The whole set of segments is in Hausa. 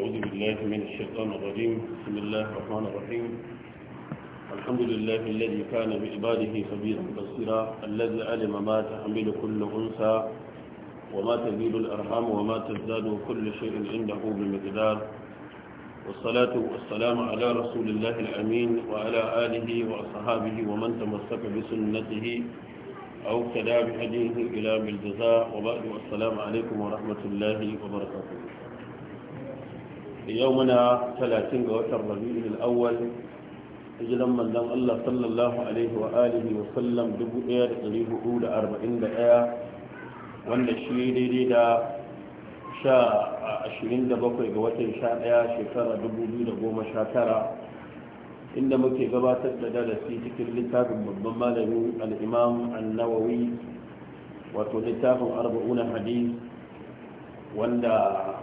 أعوذ بالله من الشيطان الرجيم بسم الله الرحمن الرحيم الحمد لله الذي كان بإباده خبيرا بصيرا الذي علم ما تحمل كل أنثى وما تزيد الأرحام وما تزداد كل شيء عنده بمقدار والصلاة والسلام على رسول الله الأمين وعلى آله وأصحابه ومن تمسك بسنته أو كدا بهديه إلى بالجزاء وبعد والسلام عليكم ورحمة الله وبركاته yau muna talatin ga watan rabi'ul awwal hijiran manzon Allah sallallahu alaihi wa alihi wa sallam 1441 wanda shi daidai da sha da bakwai ga watan sha ɗaya shekara dubu inda muke gabatar da darasi cikin littafin babban malamin al'imam annawawi wato littafin arba'una hadis wanda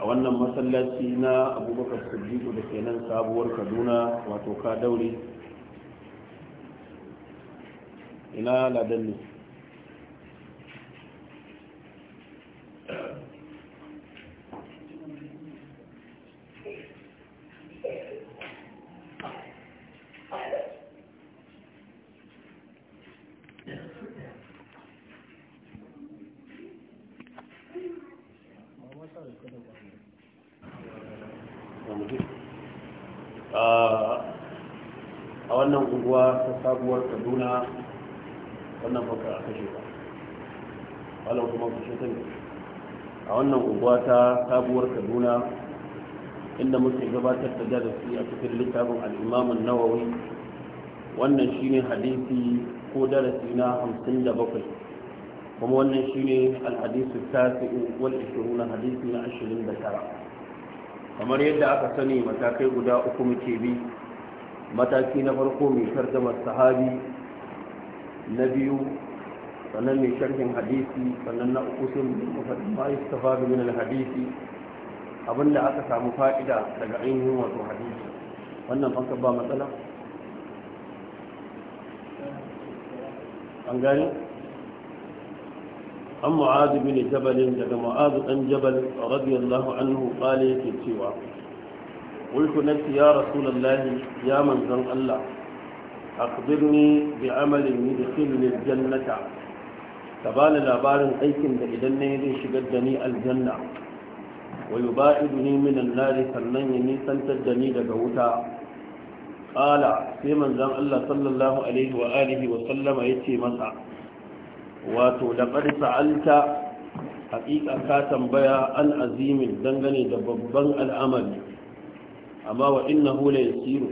a wannan masallaci na abubakar sabbiku da ke nan sabuwar kaduna wato ka daure ina ladan ne a wannan unguwa ta sabuwar kaduna wannan baka a kashe ba wadda kuma kashe ta a wannan unguwa ta sabuwar kaduna inda muke gabatar da su a cikin littafin al'imamun nawawi wannan shine hadisi ko darasi na hamsin da bakwai kuma wannan shine alhadisu wani wal na hadisi na ashirin da tara kamar yadda aka sani matakai guda uku muke bi mataki na farko mai tarjamar sahabi na biyu sannan mai sharhin hadisi sannan na uku sun mafi istafa da min hadisi abinda aka samu fa'ida daga ainihin wato hadisi wannan fanka ba matsala an gani an mu'adu bin jabalin daga mu'adu dan jabal radiyallahu anhu qala yake cewa qultu nati ya rasulullahi ya manzan Allah akhbirni bi amalin da al-jannata Ta bani labarin aikin da idan na ne zai shigar da ni aljanna wa yuba'iduni min an-nar sannan ya nisantar da ni daga wuta qala sai manzon Allah sallallahu alaihi wa alihi wa sallama yace masa wato da alta haƙiƙa ka tambaya al'azimin dangane da babban al'amari amma wa na hula ya siro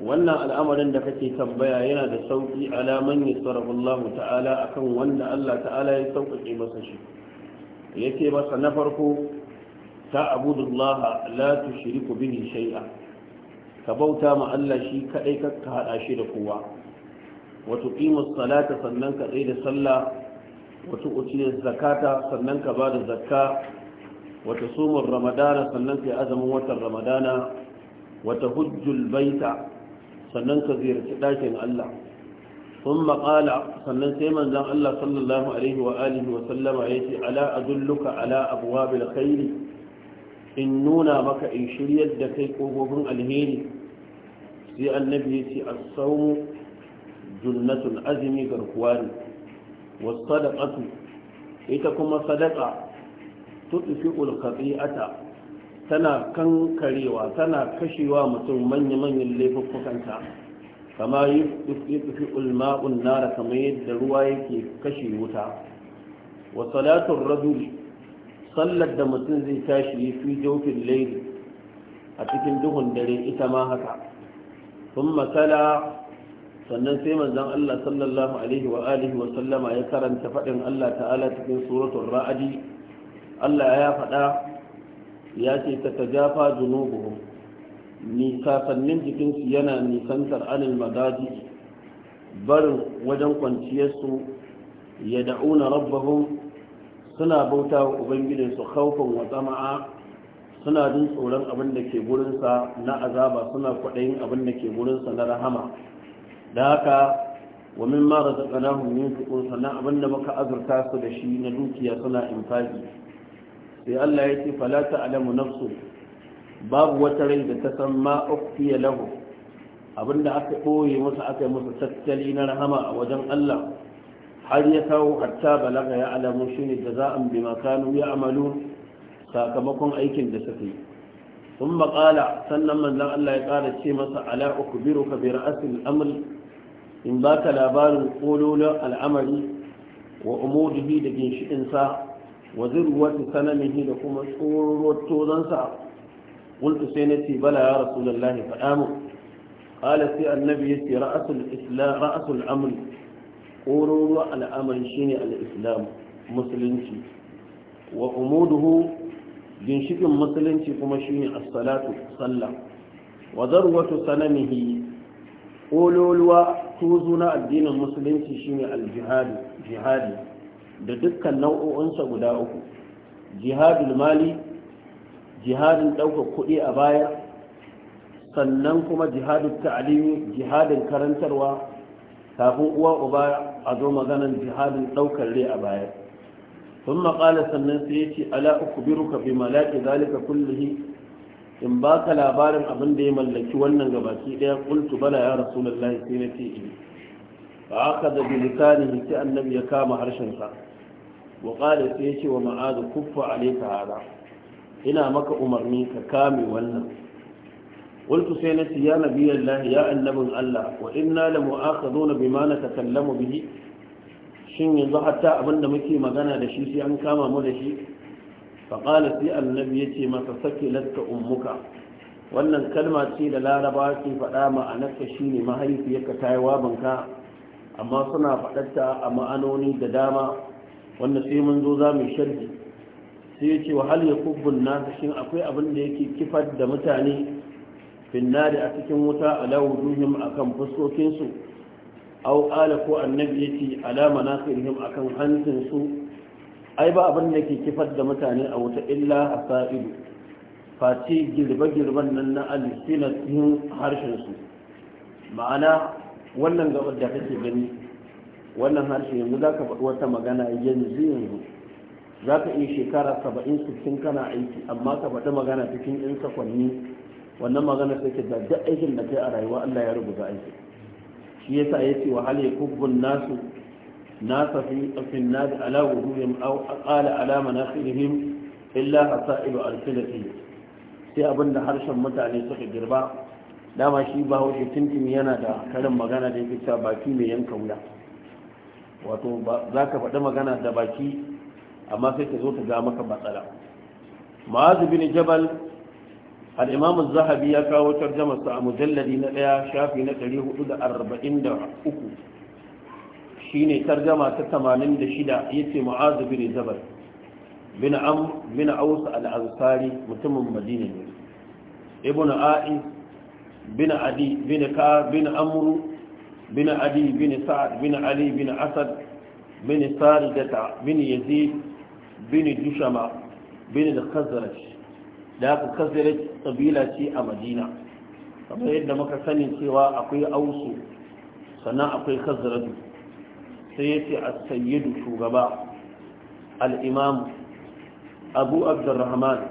wannan al'amarin da kake tambaya yana da sauƙi alaman ya Allahu ta'ala akan wanda Allah ta'ala ya sauƙaƙe masa shi ya ce masa na farko ta abudullaha la tushriku bihi shai'a ka bauta ma Allah shi kaɗai kakka haɗa shi da kowa wato kimo salata sannan ka tsaye da sallah wato uciyar zakata sannan ka ba da zakka wato sumun ramadana sannan ka yi azamin watan ramadana wato hujjul baita sannan ka ziyarci ɗakin allah sun maƙala sannan sai manzan allah sallallahu alaihi wa wa sallama ya ce ala azulluka ala abuwa bil khairi in nuna maka in shiryar da kai ƙogogin alheri sai annabi ya ce a saumu junnatul azumi garkuwa ne wasu sadaqatu ita kuma sadaqa tudfi'ul khati'ata tana kankarewa tana kashewa mutum manya-manyan laifukkanta kama yi tudfi'ul ma'un nara kamar yadda ruwa yake kashe wuta wa salatun rajuli sallar da mutum zai tashi fi jofin laifin, a cikin duhun dare ita ma haka sun matsala. sannan sai manzon Allah sallallahu alaihi wa alihi wa sallama ya karanta fadin Allah ta'ala cikin suratul ra'adi Allah ya faɗa ya ce ta tajafa junubuhum ni kasannin jikinsu yana nisantar anil madaji barin wajen kwanciyarsu ya da'una rabbahum suna bauta wa su khawfan wa tsama'a suna jin tsoron abin da ke gurinsa na azaba suna kwaɗayin abin da ke gurinsa na rahama da haka wa min ma razaqnahum yunfiqun abin abinda muka azurta su da shi na dukiya suna infaji sai Allah ya ce falata alamu nafsu babu wata rai da ta san ma ukhfiya lahu abinda aka ɓoye musu aka yi musu tattali na rahama a wajen Allah har ya kawo hatta balaga ya alamu shine jaza'an bima ya ya'malun sakamakon aikin da suka yi ثم قال سنن ce masa قال شيء biro ka أخبرك برأس الأمر in ba ka labarin ƙololin al'amari wa umudihi da ginshiɗinsa wa zirwata sanamihi da kuma tsorotozansa ƙultu sai na ce bala ya rasu lallahi faɗa mu ƙala sai annabi ya ce ra'asul amri ƙololin al'amari shi ne al'islam musulunci wa umuduhu ginshikin musulunci kuma shine as-salatu sallah wa zarwatu sanamihi ololuwa tuzu na addinin musulunci shine al-jihad jihadi da dukkan nau'o'unsa guda uku jihadul mali jihadin ɗaukar kuɗi a baya sannan kuma jihadin ta'alimi jihadin karantarwa kafin uwa uba a zo maganan jihadin ɗaukar rai a baya sun maƙala sannan sai ya ce ala uku biru ka fi ka zalika hi? in ba ka labarin abin da ya mallaki wannan gabaki ɗaya ƙultu bala ya rasu lallahi sai na ce ini ba aka da bilisani sai annabi ya kama harshensa wa ƙala sai ya ce wa ma'azu kuffa alaika hada ina maka umarni ka kame wannan قلت سينتي يا نبي الله يا النبي الله وإنا na بما نتكلم bihi? shin yanzu hatta abin da muke magana da shi sai an kama mu da shi faƙala sai annabi ya ce masa sake ummuka wannan kalma ce da laraba ke faɗa ma'anarta shi ne mahaifiyarka ta yi wabanka amma suna faɗarta a ma'anoni da dama wanda sai mun zo za mu sharhi sai ya ce wa hal ya kubbun shin akwai abin da yake kifar da mutane finnari a cikin wuta ala wujuhim akan fuskokinsu au ƙala ko annabi ya ce alama na sirhim a kan ai ba abin da ke kifar da mutane a wuta illa a sa'idu face girbe-girben nan na alisinatin harshensu ma'ana wannan gabar da kake gani wannan harshe yanzu za ka faɗi wata magana yanzu yanzu za ka iya shekara saba'in sittin kana aiki amma ka faɗi magana cikin 'yan sakwanni wannan magana sai ke da duk aikin da kai a rayuwa allah ya rubuta aiki. shi yasa yace wa hal yakubbun nasu nasa fi tsafin nadi ala wuduhum aw alama na manakhirihim illa hasa'ib alsinatihim sai abinda harshen mutane suka girba dama shi ba hausa tintin yana da karin magana da yake sa baki mai yanka wuya wato za ka faɗi magana da baki amma sai ka zo ta ga maka matsala ma'azu bin jabal al’imam zahabi ya kawo tarjamasa a mujalladi na ɗaya shafi na 443 shi ne tarjama ta 86 ya ce ma'azu bin zabar bin ausa al’azsari mutumin madina ibn a'i bin adi bin amru bin adi bin sa'ad bin ali bin asad bin sari da ta bin yazid bin dushama bin da khazarashi da aka kazirat kabila ce a madina kamar yadda muka sani cewa akwai ausu sannan akwai kaziratu sai yace as-sayyidu shugaba al-imam abu abdurrahman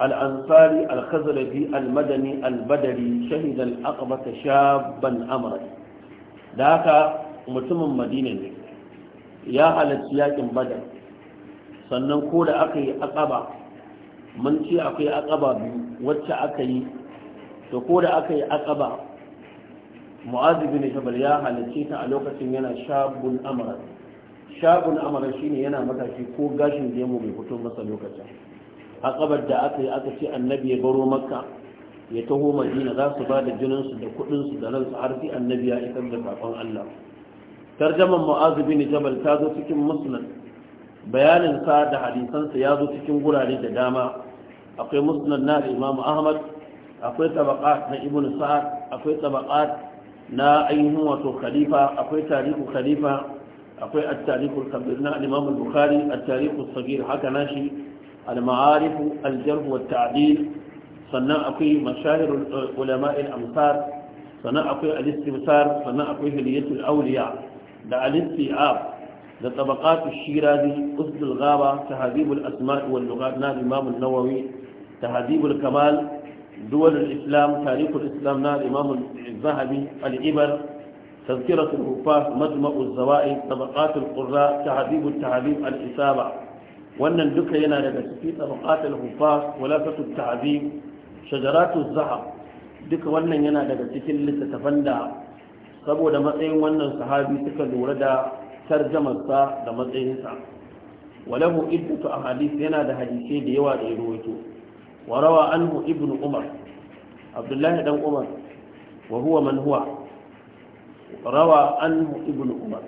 al-ansari al-khazraji al-madani al badari shahid al shabban da haka mutumin madina ne ya halarci yakin badar sannan ko da aka yi aqaba mun ce akwai akaba biyu wacce aka yi to ko da aka yi akaba Mu'azibi bin ya halarci ta a lokacin yana shabun amara shabun amara shine yana matashi ko gashin gemu bai fito masa lokacin akabar da aka yi aka ce annabi ya baro makka ya taho madina za su ba da jininsu da kudinsu da ransu har sai annabi ya isar da sakon Allah tarjaman Mu'azibi bin jabal ta zo cikin musulun. bayaninsa da hadisansa ya zo cikin gurare da dama akwai musnad na imamu ahmad akwai tabaqat na ibnu sa'ad akwai tabaqat na ainihin wato khalifa akwai tarihu khalifa akwai at-tarihu al-kabir na imamu bukhari at-tarihu as-saghir haka nashi al-ma'arif al-jarh wa at-ta'dil sannan akwai mashahir ulama al-amsar sannan akwai al-istimsar sannan akwai hilayatul awliya da al-istiab da tabaqatu shirazi usul ghaba tahdhibul asma' wal lughat na imam an-nawawi tahdhibul kamal دول الإسلام تاريخ الإسلام نال الإمام الذهبي العبر تذكرة الهفاف مجمع الزوائد طبقات القراء تهذيب التهذيب الإسابة وأن duka yana daga cikin tabaqatul hufaz walafatul ta'zib shajaratul zahab duka wannan yana daga cikin littattafan da saboda matsayin wannan sahabi suka lura da tarjamarsa da matsayinsa walahu iddatu ahadith yana da hadisai da yawa da ya rawaito wa rawa anhu ibn umar abdullahi dan umar wa huwa man huwa rawa anhu ibn umar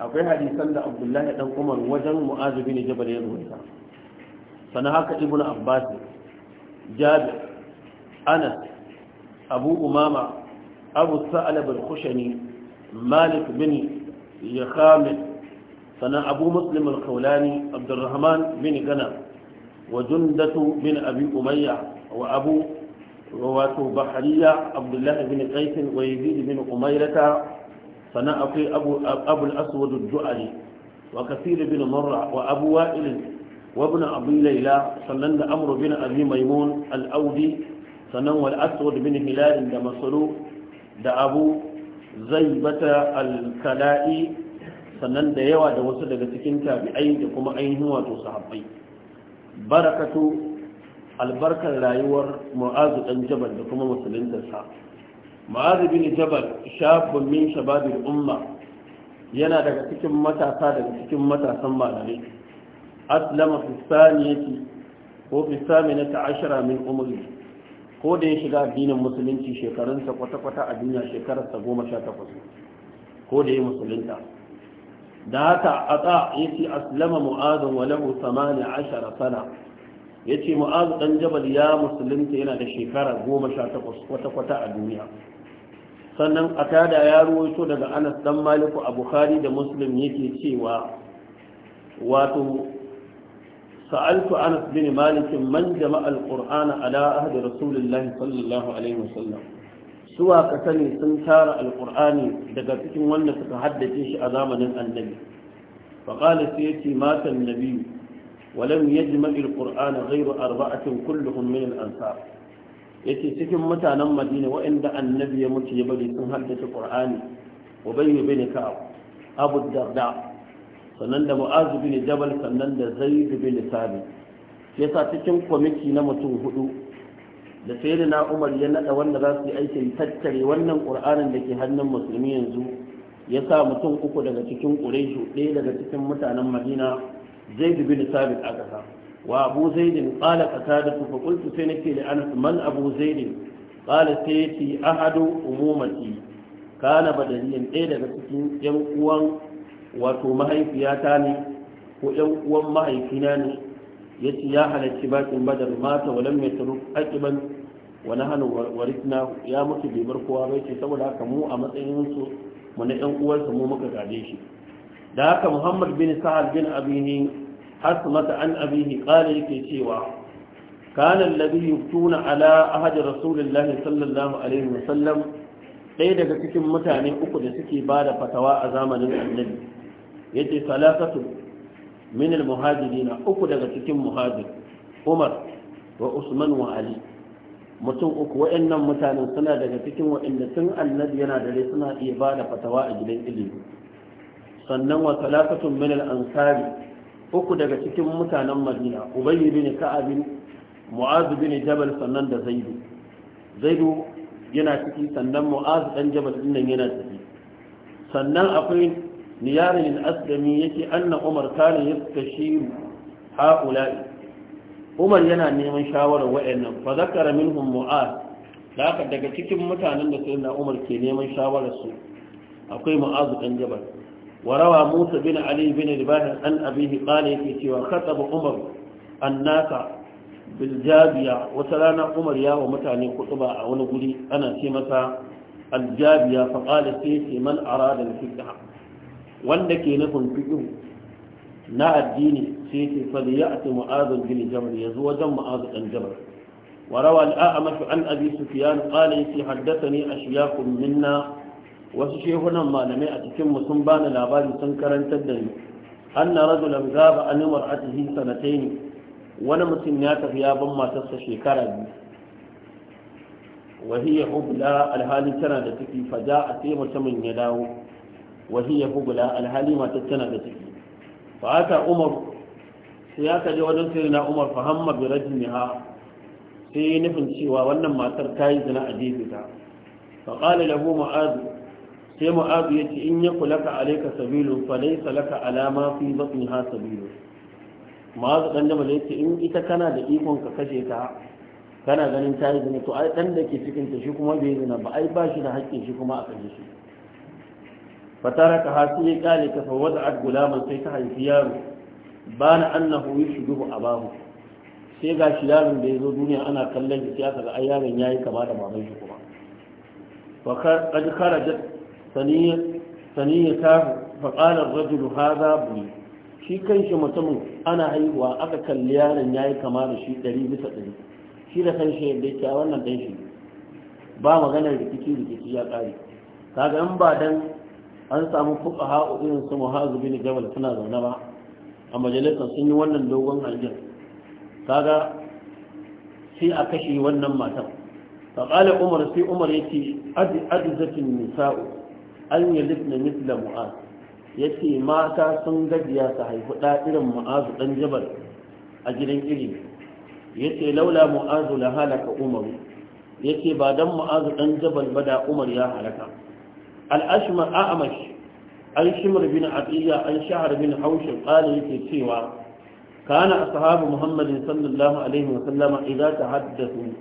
akwai hadisan da abdullahi dan umar wajen mu'azu bin jabal ya rawaita sana haka ibn abbas jabir anas abu umama abu malik bin ya kame sannan abu muslim al-kaulani abdurrahman bin gana wa jundatu bin abi umayya wa abu wato bahariya abdullahi bin qaisin wa yazid bin umayrata sannan akwai abu abul aswad ad-du'ali wa kasir bin murra wa abu wa'il وابن أبي ليلى سنن أمر بن أبي ميمون الأودي سنن والأسود بن da دمسلو da abu. zai bata alkala'i sannan da yawa da wasu daga cikin tabi'ai da kuma ainihin wato sahabbai barakatu albarkar rayuwar mu'azu dan jabal da kuma musuluntarsa mu'azu bin jabal shafin min shababil umma yana daga cikin matasa daga cikin matasan malamai aslama fi saniyati ko fi saminata ashara min umri ko da ya shiga addinin musulunci shekarunsa kwata-kwata a duniya shekararsa goma sha takwas ko da ya musulunta da haka a tsa ya ce aslama mu'azin lahu samani ashara sana ya ce mu'azu ɗan jabal ya musulunta yana da shekara goma sha takwas kwata-kwata a duniya sannan a tada ya ruwaito daga anas dan maliku a bukhari da muslim yake cewa wato سألت أنس بن مالك من جمع القرآن على أهد رسول الله صلى الله عليه وسلم سوى كسني سنتار القرآن دقاتك وانا تتحدث إيش أزامنا النبي فقال سيتي مات النبي ولم يجمع القرآن غير أربعة كلهم من الأنصار يتي سكن متانا مدينة وإن النبي يموت يبدي سنهدة القرآن وبين بين كعب أبو الدرداء sannan da mu'azu bin jabal sannan da zaid bin shi yasa cikin kwamiti na mutum hudu da na umar ya nada wanda za su yi aikin tattare wannan qur'anin da ke hannun musulmi yanzu ya sa mutum uku daga cikin quraishu ɗaya daga cikin mutanen madina zaid bin sabit a ƙasa wa abu zaid qala qatada fa qultu sai nake da anas man abu zaid qala sayyidi ahadu umumati kana badaliyan ɗaya daga cikin yan uwan wato mahaifiyata ne ko yan uwan mahaifina ne ya ce ya halarci bakin badar mata walam ya taru akiban wani hannun warisna ya mutu bai bar kowa bai ce saboda haka mu a matsayin su mu na yan uwansa mu muka gade shi da haka muhammad bin Sahad bin abihi hasmata an abihi qala yake cewa kana alladhi yuftuna ala ahadi rasulillahi sallallahu alaihi wasallam ɗaya daga cikin mutane uku da suke ba da fatawa a zamanin annabi yace salasatu min al-muhajirin uku daga cikin muhajir Umar wa Usman wa Ali mutum uku waɗannan mutanen suna daga cikin waɗanda tun annabi yana dare suna iya ba da fatawa a gidan ilimi sannan wa talatatun min al-ansari uku daga cikin mutanen Madina Ubayy bin Ka'ab Mu'adh bin Jabal sannan da Zaidu Zaidu yana ciki sannan Mu'adh dan Jabal din nan yana ciki sannan akwai niyarin aslami yake anna umar kana yastashiru ha'ula'i umar yana neman shawarar wa'annan fa zakara minhum mu'az haka daga cikin mutanen da sayyidina umar ke neman shawararsu? su akwai mu'az dan jabal warawa musa bin ali bin ribah an abihi qala yake cewa khataba umar annaka bil jabiya wata rana umar ya wa mutane kutuba a wani guri ana ce masa al jabiya fa qala sai man arada wanda ke nufin fiƙin na addini sai ce fali ya ati ma'azin bin jabar ya zo wajen ma'azin ɗan jabar wa rawa al'a'a mafi an abi su fiya na ƙala haddasa ne a shiya kullum na wasu shehunan malamai a cikin musun ba na labari sun karantar da ni an na rajo da za ba animar a cikin sanatai ne wani mutum ya tafi ya ban matarsa shekara biyu wahiyar hubula alhali tana da ciki fa ja a sai mutumin ya dawo وهي فقلا الحليمة تتنى تكي فأتى عمر سياك Umar? سيدنا عمر فهم برجمها sai yi nufin cewa wannan matar ta yi zina a jefita faƙali lahu ma'azu sai ma'azu ya ce in ya kula ka alaika sabilu falai salaka alama fi batun ha sabilu ma'azu ɗan dama ya ce in ita kana da ikon ka kashe ta kana ganin ta yi zina to ai dan da ke cikin ta shi kuma bai zina ba ai ba shi da haƙƙin shi kuma a kashe shi fataraka ha sai ya kale ka fawada ad gulaman sai ta haifi yaro Ba bana annahu a abahu sai ga shi yaron da ya zo duniya ana kallon shi aka ga ai ya yi kama da maman shi kuma fa qad kharajat saniyya saniyya ta fa qala ar-rajul hadha bi shi kanshi mutumin ana haihuwa aka kalli yaron ya yi kama da shi ɗari bisa ɗari, shi da kanshi yadda yake wannan ɗan shi ba maganar rikici rikici ya kare kaga in ba dan an samu fuqaha irin su muhazu bin jabal suna zaune ba a majalisar sun yi wannan dogon aljin kaga sai a kashe wannan matan fa umar sai umar yace adi adizatin nisa'u an yalidna mithla mu'az ce mata sun gajiya su haifi da irin mu'azu dan jabal a gidan Ya ce laula mu'azu la halaka Ya ce ba dan mu'azu dan jabal ba da umar ya halaka al'ashmar a'amash an shimar bin atiyya an shahar bin haushin ƙala yake cewa kana ashabu muhammadin sallallahu alaihi wa sallama ta tahaddathu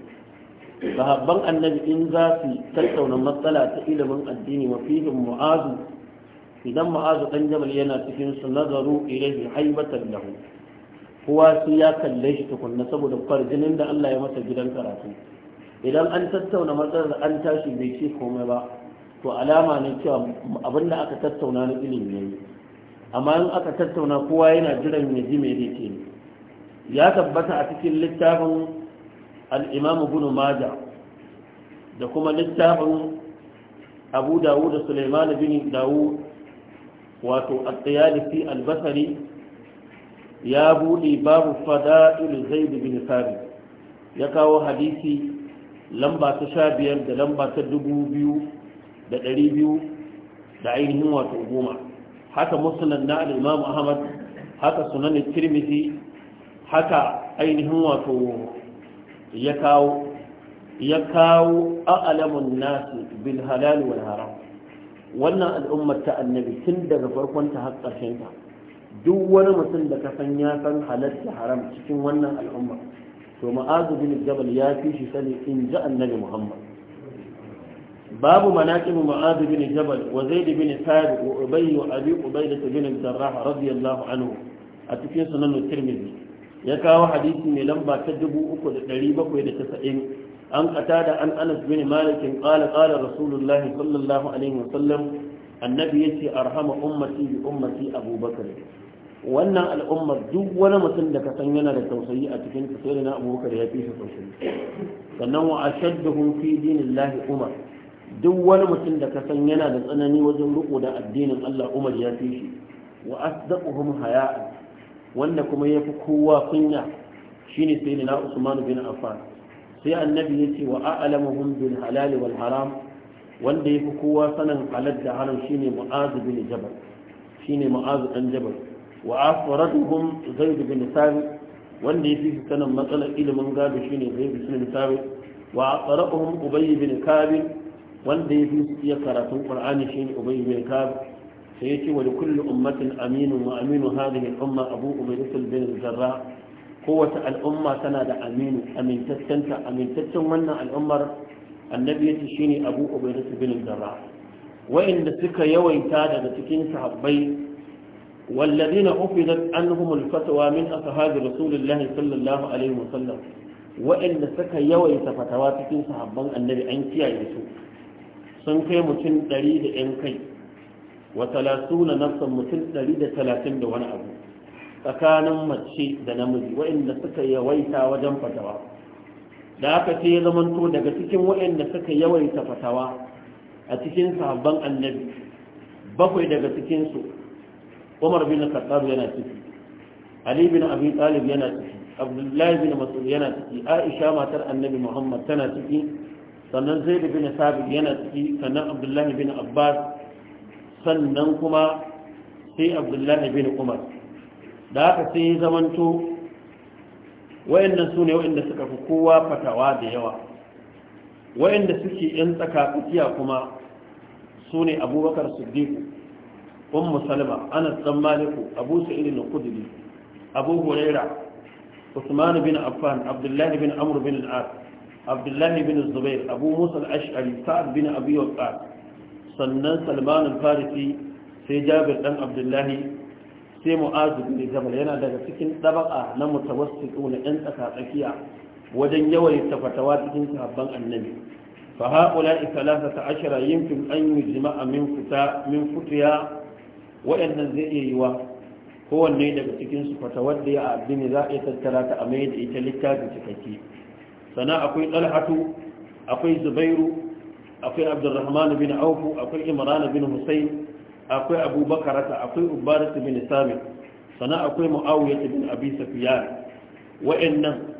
sahabban annabi in za su tattauna matsala ta ilimin addini mafihin mu'azu idan mu'azu dan jamal yana cikin su nazaru ilayhi haibatan lahu kowa sai ya kalle shi tukunna saboda farjinin da Allah ya masa gidan karatu idan an tattauna matsalar an tashi bai ce komai ba to alama ne cewa abin da aka tattauna na ilimi ne amma in aka tattauna kowa yana jiran ya ji mai zai ya tabbata a cikin littafin al'imam gunu maja da kuma littafin abu dawu da suleiman bin dawu wato a albasari ya buɗe babu fada'il zaid bin sabi ya kawo hadisi lamba ta sha biyar da lamba ta dubu biyu da ɗari biyu da ainihin wato goma haka musulun na al'imam ahmad haka sunan kirmiti, haka ainihin wato ya kawo ya kawo a'alamun nasu bil halal wal haram wannan al'ummar ta annabi tun daga farkon ta har ta duk wani mutum da ka san ya san halal da haram cikin wannan al'ummar to ma'azu bin jabal ya fi shi sani in ji annabi muhammad babu manaqibu mu'adh bin jabal wa zaid bin thabit wa ubay wa abi ubaydah bin jarrah radiyallahu anhu a cikin sunan tirmidhi ya kawo hadisi mai lamba ta dubu 3790 an qatada an anas bin malik qala qala rasulullah sallallahu alaihi wasallam annabi yace arhama ummati bi ummati abubakar wannan al'ummar duk wani mutum da ka san yana da tausayi a cikin tausayi na abubakar ya fi shi tausayi sannan wa ashadduhum fi dinillahi umar duk wani mutum da ka san yana da tsanani wajen riko da addinin Allah Umar ya fi shi wa asdaquhum haya'a wanda kuma yafi kowa kunya shine sayyidina Usman bin Affan sai annabi yace wa a'lamuhum bil halal wal haram wanda yafi kowa sanin halal da haram shine Mu'az bin Jabal shine Mu'az dan Jabal wa afraduhum Zaid bin Thabit wanda yafi sanin matsalar ilimin gado shine Zaid bin Thabit wa aqra'uhum Ubay bin Kabir wanda ya fi iya karatun shi ne ubai bin kab sai yace wani kulli ummatin aminu wa aminu hadhihi al-umma abu ubaydah bin zarra kowace al'umma tana da aminu amintaccenta amintaccen wannan al'ummar annabi shi ne abu ubaydah bin zarra wa'inda suka yawaita daga cikin sahabbai والذين أفضت عنهم الفتوى من أصحاب رسول الله صلى الله عليه وسلم وإن سكى يويت فتواتك صحبا النبي أنت يا يسوع sun kai mutum ɗari da ‘yan kai wa talasu na nafsan mutum ɗari da talatin da wani abu tsakanin mace da namiji waɗanda suka yawaita wajen fatawa da aka ce ya zamanto daga cikin waɗanda suka yawaita fatawa a cikin sahabban annabi bakwai daga cikinsu umar bin khattab yana ciki ali bin abi talib yana ciki abdullahi bin mas'ud yana ciki aisha matar annabi muhammad tana ciki sannan zai da bin sabit yana ciki sannan abdullahi bin abbas sannan kuma sai abdullahi bin umar da haka sai ya zamanto wayannan su ne wayanda suka fi kowa fatawa da yawa wayanda suke yan tsaka tsakiya kuma su ne abubakar siddiqu ummu salma anas dan maliku abu sa'id al abu huraira usman bin affan abdullahi bin amr bin al-as abdullahi bin zubair abu musa al-ash'ari sa'ad bin abi sannan salman al-farisi sai jabir dan abdullahi sai mu'azu bin yana daga cikin dabaka na mutawassiqu na yan tsaka tsakiya wajen yawan tafatawa cikin sahabban annabi fa haula yin fim an yujma'a min futa min futiya waɗannan zai iya yiwa kowanne daga cikin su fatawar da ya addini za a tattara ta a mai da ita littafi cikakke sana akwai ɗalhatu akwai zubairu akwai abdurrahman bin auku akwai imran bin husain akwai abubakar akwai ubarat bin samit sana akwai muawiya bin abi sufyan wa'annan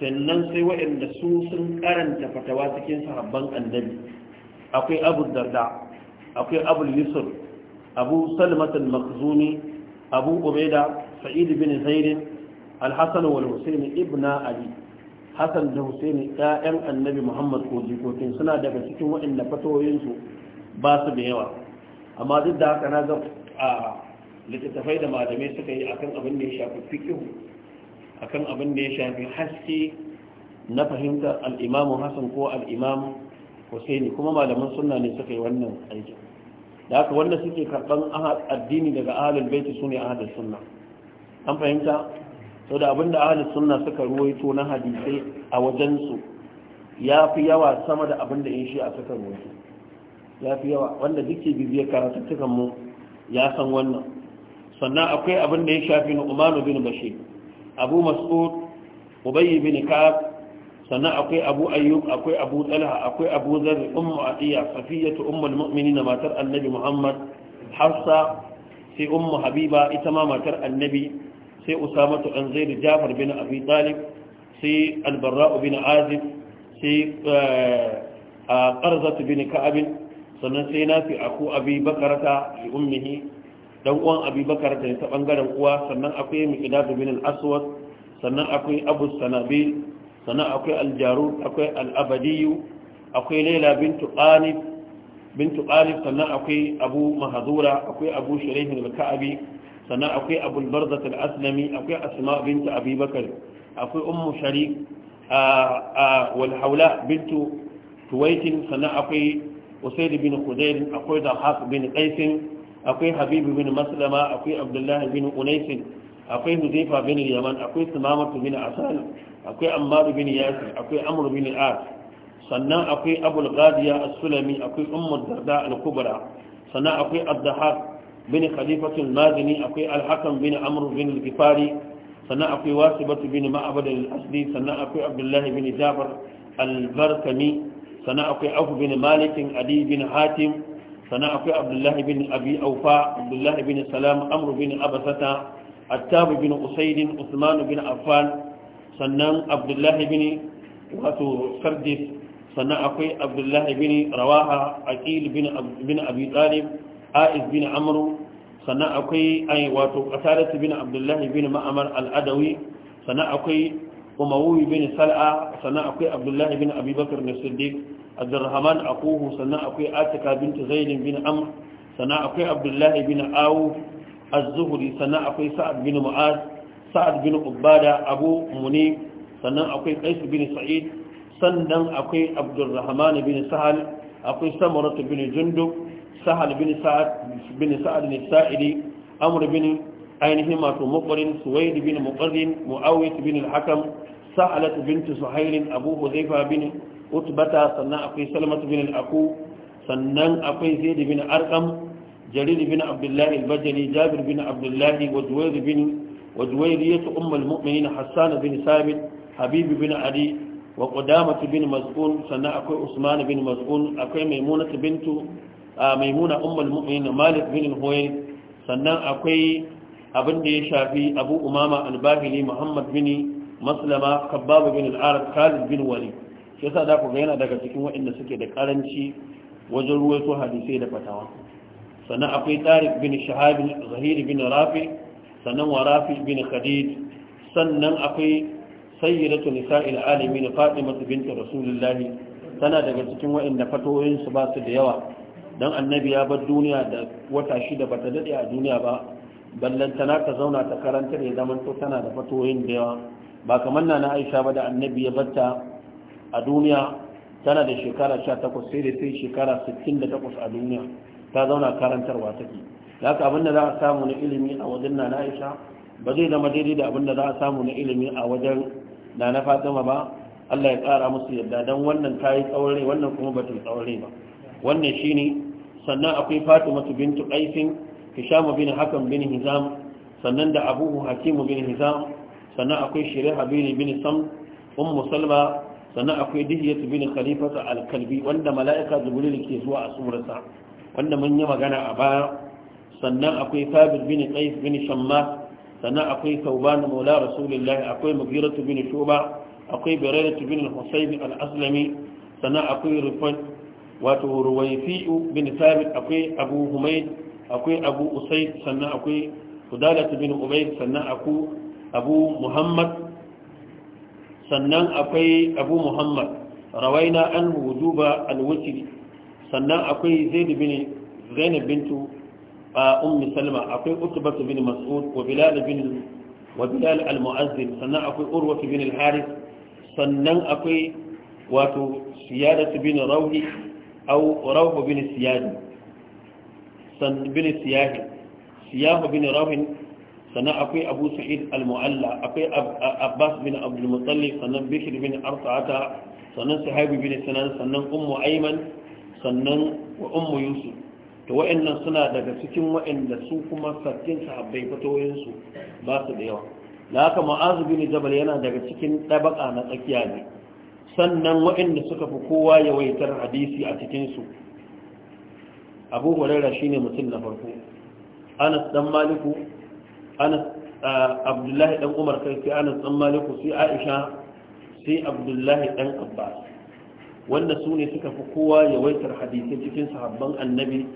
sannan sai wa'anda su sun karanta fatawa cikin sahabban annabi akwai abu darda akwai abu yusuf abu salmat al abu ubaida sa'id bin zaid al-hasan wal husain ibna ali Hassan da Husaini ƴaƴan Annabi Muhammad ko jikokin suna daga cikin waɗanda fatoyinsu ba su da yawa amma duk da haka na ga a littattafai da malamai suka yi akan abin da ya shafi fiqh akan abin da ya shafi haske na fahimtar al Hassan ko al Husaini kuma malaman sunna ne suka yi wannan aikin da haka wanda suke karɓan addini daga ahlul baiti sune ahlus sunna an fahimta sau da abinda ahli sunna suka ruwaito na hadisai a wajensu ya fi yawa sama da abinda in shi a suka ruwaito ya fi yawa wanda duke bibiyar karatuttukan mu ya san wannan sannan akwai abinda ya shafi na umaru bin bashir abu mas'ud ubayy bin ka'ab sannan akwai abu ayyub akwai abu talha akwai abu zar ummu atiya safiyatu ummul mu'minin matar annabi muhammad hafsa sai ummu habiba ita ma matar annabi sai usama tu dan zaid jafar bin abi talib sai albarra bin azib sai eh, a qarzat bin ka'ab sannan sai nafi aku abi bakarata li ummihi dan uwan abi bakarata ta bangaren uwa sannan akwai miqdad bin al-aswad sannan akwai abu sanabi sannan akwai al aljaru akwai al al'abadiyu akwai laila bintu ƙalif sannan akwai abu mahazura akwai abu shirihin alka'abi sannan akwai abul barzat al akwai asma binta abi bakar akwai umu sharik a haula bintu tuwaitin sannan akwai usaid bin khudair akwai da dahaq bin qais akwai habibu bin maslama akwai abdullahi bin unais akwai huzaifa bin yaman akwai sumamatu bin asal akwai ammar bin yasir akwai amr bin al sannan akwai abul ghadiya as-sulami akwai ummu darda al-kubra sannan akwai ad-dahaq bin khalifatul mazini akwai alhakan bin amr bin al-gifari sannan akwai wasibatu bin ma'abad al-asli sannan akwai abdullahi bin jafar al sannan akwai abu bin malik ali bin hatim sannan akwai abdullahi bin abi aufa abdullahi bin salam amr bin abasata attab bin usayd usman bin affan sannan abdullahi bin wato sardis sannan akwai abdullahi bin rawaha aqil bin abi a'id bin amru sannan akwai ai wato qatalatu bin Abdullahi bin ma'amar al sannan akwai Umawuyi bin sal'a sannan akwai Abdullahi bin abubakar bin siddiq abdurrahman akuhu sannan akwai atika bin zaid bin amr sannan akwai Abdullahi bin awu az-zuhri sannan akwai sa'ad bin mu'az sa'ad bin ubada abu muni sannan akwai qais bin sa'id sannan akwai abdurrahman bin sahal akwai samaratu bin jundub sahal bin sa'ad bin sa'ad sa'idi amr bin ainihin wato muqrin suwaid bin muqrin muawiyah bin al-hakam sa'alat bint suhayl abu hudhayfa bin utbata sannan akwai salmat bin al-aku sannan akwai zaid bin arqam jarir bin abdullah al-bajali jabir bin abdullah wa juwayr bin وجويرية أم المؤمنين حسان بن ثابت حبيب بن علي وقدامة بن مسعود سنة أكوي عثمان بن مسعود أكوي ميمونة بنت A maimuna ummul mu'minin malik bin al sannan akwai abin da ya shafi abu umama al muhammad bin maslama kabbab bin al khalid bin wali shi sa da ku ga yana daga cikin waɗanda suke da karanci wajen ruwaito hadisai da fatawa sannan akwai tariq bin shahab zahiri bin rafi sannan wa rafi bin khadid sannan akwai sayyidatu nisa'il alamin fatima bint rasulullahi tana daga cikin waɗanda fatoyinsu ba su da yawa don annabi ya bar duniya da wata shida ba ta dade a duniya ba ballantana ta zauna ta karanta ya zaman to tana da fatoyin da yawa ba kamar na na Aisha ba da annabi ya batta a duniya tana da shekara 18 sai da sai shekara 68 a duniya ta zauna karantarwa take haka abin da za a samu na ilimi a wajen na na Aisha ba zai zama daidai da abin da za a samu na ilimi a wajen na na Fatima ba Allah ya kara musu yadda don wannan yi tsaure wannan kuma bata tsaure ba wannan shi ne, sannan akwai fatimatu bintu qaisin hisham bin hakan bin hizam sannan da abu hakimu bin hizam sannan akwai shari'a bin bin sam ummu salma sannan akwai dihiyatu bin khalifatu al-kalbi wanda mala'ika jibril ke zuwa a tsorata, wanda mun yi magana a baya sannan akwai sabir bin qais bin shamma sannan akwai tauban maula rasulullahi akwai mugiratu bin shuba akwai barairatu bin al-husayb al-aslami sannan akwai Rufa. wato ruwaifi'u bin sabit akwai abu humaid akwai abu usaid sannan akwai hudalatu bin ubaid sannan akwai abu muhammad sannan akwai abu muhammad rawaina an wujuba alwutri sannan akwai zaid bin zainab bintu ummi salma akwai utbatu bin mas'ud wa bilal bin wa al-mu'azzib sannan akwai urwa bin al sannan akwai wato bin أو روح بن سياد سن بن سياه سياه بن روح سنة أقوي أبو سعيد المعلى أقوي أب أباس بن عبد المطلب سنة بشر بن أرطعة سنة سحاب بن سنان سنة أم أيمن سنة وأم يوسف وإن سنة daga cikin waɗanda su kuma sattin sahabbai fatoyinsu ba su da yawa da haka ma'azu bin jabal yana daga cikin ɗabaka na tsakiya ne sannan waɗanda suka fi kowa yawaitar hadisi a cikinsu abu shi ne mutum na farko anas dan maliku anas abdullahi dan umar kai sai anas dan maliku sai aisha sai abdullahi dan abbas wanda su ne suka fi kowa yawaitar hadisi cikin sahabban annabi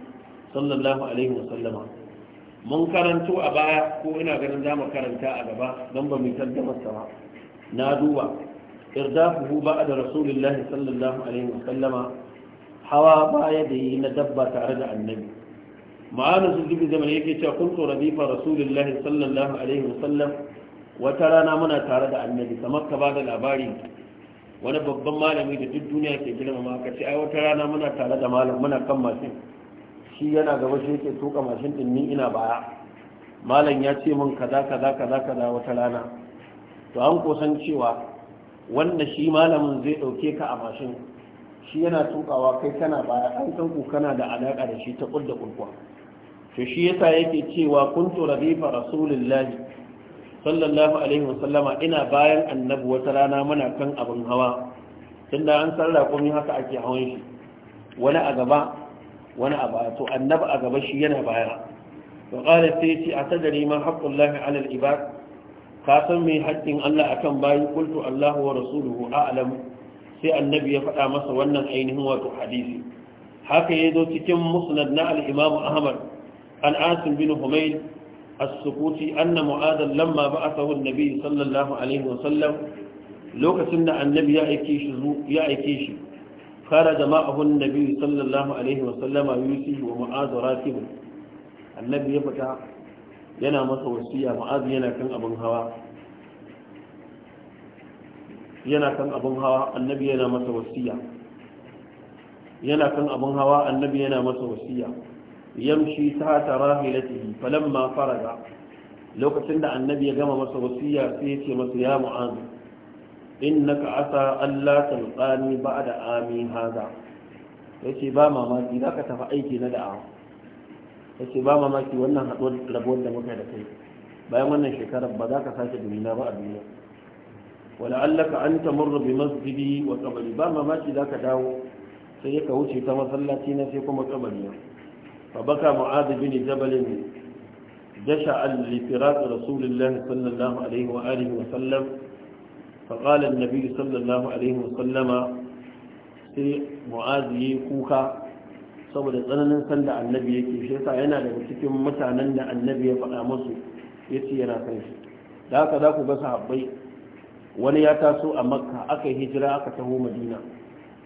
sallallahu alaihi wasallama mun karanto a baya ko ina ganin za mu karanta a gaba don ba mu tarjama sa ba na duba irdafuhu ba'da rasulillahi sallallahu alaihi sallama hawa baya da yi na dabba tare da annabi ma'ana su gibi zaman yake cewa kun tsora bifa rasulullahi sallallahu alaihi sallam wata rana muna tare da annabi kamar ka bada labari wani babban malami da duk duniya ke ma ka ce ai wata rana muna tare da malam muna kan mashin shi yana gaba shi yake tuka mashin din ni ina baya malam ya ce min kaza kaza kaza kaza wata rana to an kusan cewa wanda shi malamin zai ɗauke ka a mashin shi yana tukawa kai kana baya an san ku kana da alaka da shi ta kulda kulkuwa to shi yasa yake cewa kuntu rabifa rasulillahi sallallahu alaihi wasallama ina bayan annabi wata rana muna kan abin hawa tunda an san raƙumi haka ake hawan shi wani a gaba wani a baya to annabi a gaba shi yana baya to qala sai a atadari ma haqqullahi alal ibad ka san mai haƙƙin Allah akan bayi qultu Allahu wa rasuluhu A'alam sai annabi ya faɗa masa wannan ainihin wato hadisi haka ya zo cikin musnad na al imamu Ahmad al Asim bin Humayl as-Sukuti anna Mu'adh lamma ba'athahu an-nabi sallallahu alaihi wa sallam lokacin da annabi ya aike shi ya aike shi kharaja ma'ahu an-nabi sallallahu alaihi wa sallama yusi wa Mu'adh raqib annabi ya fita yana masa wasiya yana kan abin hawa yana kan abin hawa annabi yana masa wasiya yana kan abin hawa annabi yana masa wasiya yamshi ta tara hilatihi falamma faraga lokacin da annabi ya gama masa wasiya sai ya ce masa ya mu'az innaka asa alla talqani ba'da amin hada yace ba mamaki zaka tafi aiki na da'a ya ce ba mamaki wannan haɗuwar rabuwar da muka da kai bayan wannan shekarar ba za ka sake dumina ba a duniya wani allaka an ta tamurra bi masjidi wa kabari ba mamaki za ka dawo sai ka wuce ta masallaci na sai kuma kabari fa baka mu'adh bin jabal جشع لفراق رسول الله صلى الله عليه وآله وسلم فقال النبي صلى الله عليه وسلم سي yi kuka. saboda tsananin sanda annabi yake shi yasa yana daga cikin mutanen da annabi ya faɗa musu ya ce yana san shi da haka za ku ga sahabbai wani ya taso a makka aka yi hijira aka taho madina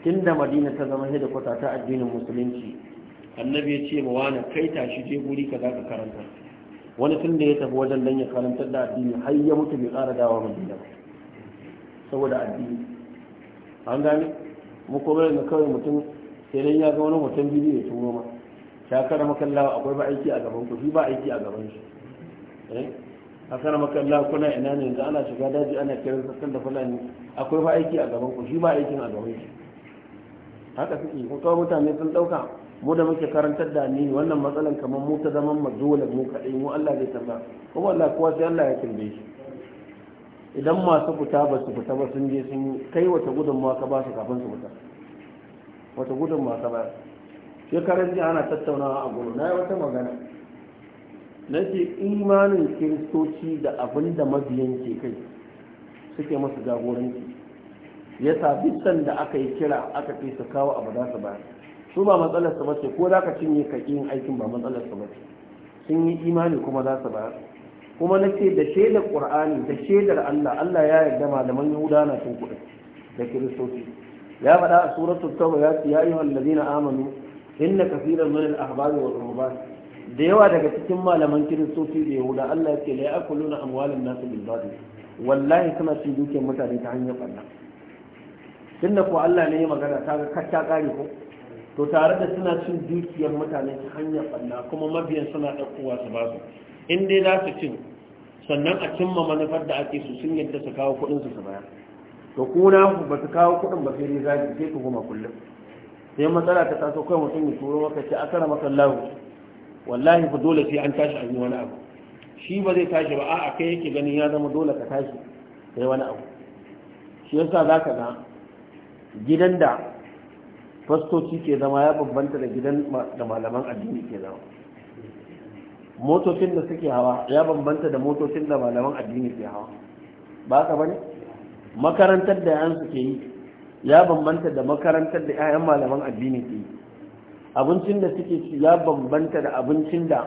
Tun da madina ta zama kwata ta addinin musulunci annabi ya ce ma kai tashi je guri ka za ka karanta wani tun da ya tafi wajen dan ya karantar da addini har ya mutu bai ƙara dawa madina ba saboda addini an gane mu kuma yanzu kawai mutum sai dai ya ga wani mutum biyu ya turo ma shakar makalla akwai ba aiki a gaban ku shi ba aiki a gaban shi eh akana makalla kuna ina ne yanzu ana shiga daji ana kiran sassan da fulani akwai ba aiki a gaban ku shi ba aikin a gaban shi haka suke ko kawai mutane sun dauka mu da muke karantar da ni wannan matsalan kamar mu ta zaman mu dole mu kadai mu Allah zai tabba ko Allah kowa sai Allah ya tambaye shi idan masu fita ba su fita ba sun je sun kai wata gudunmawa ka ba su kafin su fita wata gudun masu baya shekarar jiya ana tattaunawa a gudu na yi wata magana na ce imanin kiristoci da abin da mabiyan ke kai suke masu jagoranci ya sabi bisan da aka yi kira aka fi su kawo abu za su baya su ba matsalarsa su ce ko za ka cinye ka yin aikin ba matsalar su sun yi imani kuma za su bayar. kuma na ce da shaidar ƙur'ani da shaidar allah allah ya yarda malaman yahuda na cin kuɗi da kiristoci ya faɗa a suratul tauba ya ce ya ayyuhal ladina amanu inna kaseeran min al-ahbari wal ruhban da yawa daga cikin malaman kiristoci da yahuda Allah ya ce la ya'kuluna amwalan nas bil batil wallahi suna cin dukiyar mutane ta hanyar barna tunda ko Allah ne ya magana ta ga kacca kare ko to tare da suna cin dukiyar mutane ta hanyar barna kuma mabiyan suna ɗaukowa su ba su in dai za su cin sannan a cimma manufar da ake su sun yadda su kawo kuɗin su su bayar to kuna ku ba su kawo kuɗin ba sai dai zagi sai ku goma kullum sai matsala ta taso kai mutum ya turo maka ce akara maka lahu wallahi fa dole sai an tashi a yi wani abu shi ba zai tashi ba a'a kai yake ganin ya zama dole ka tashi kai wani abu shi yasa za ka ga gidan da fastoci ke zama ya bambanta da gidan da malaman addini ke zama motocin da suke hawa ya bambanta da motocin da malaman addini ke hawa ba ka bane makarantar da 'yansu ke yi ya bambanta da makarantar da 'ya'yan malaman addini ke yi abincin da suke ci ya bambanta da abincin da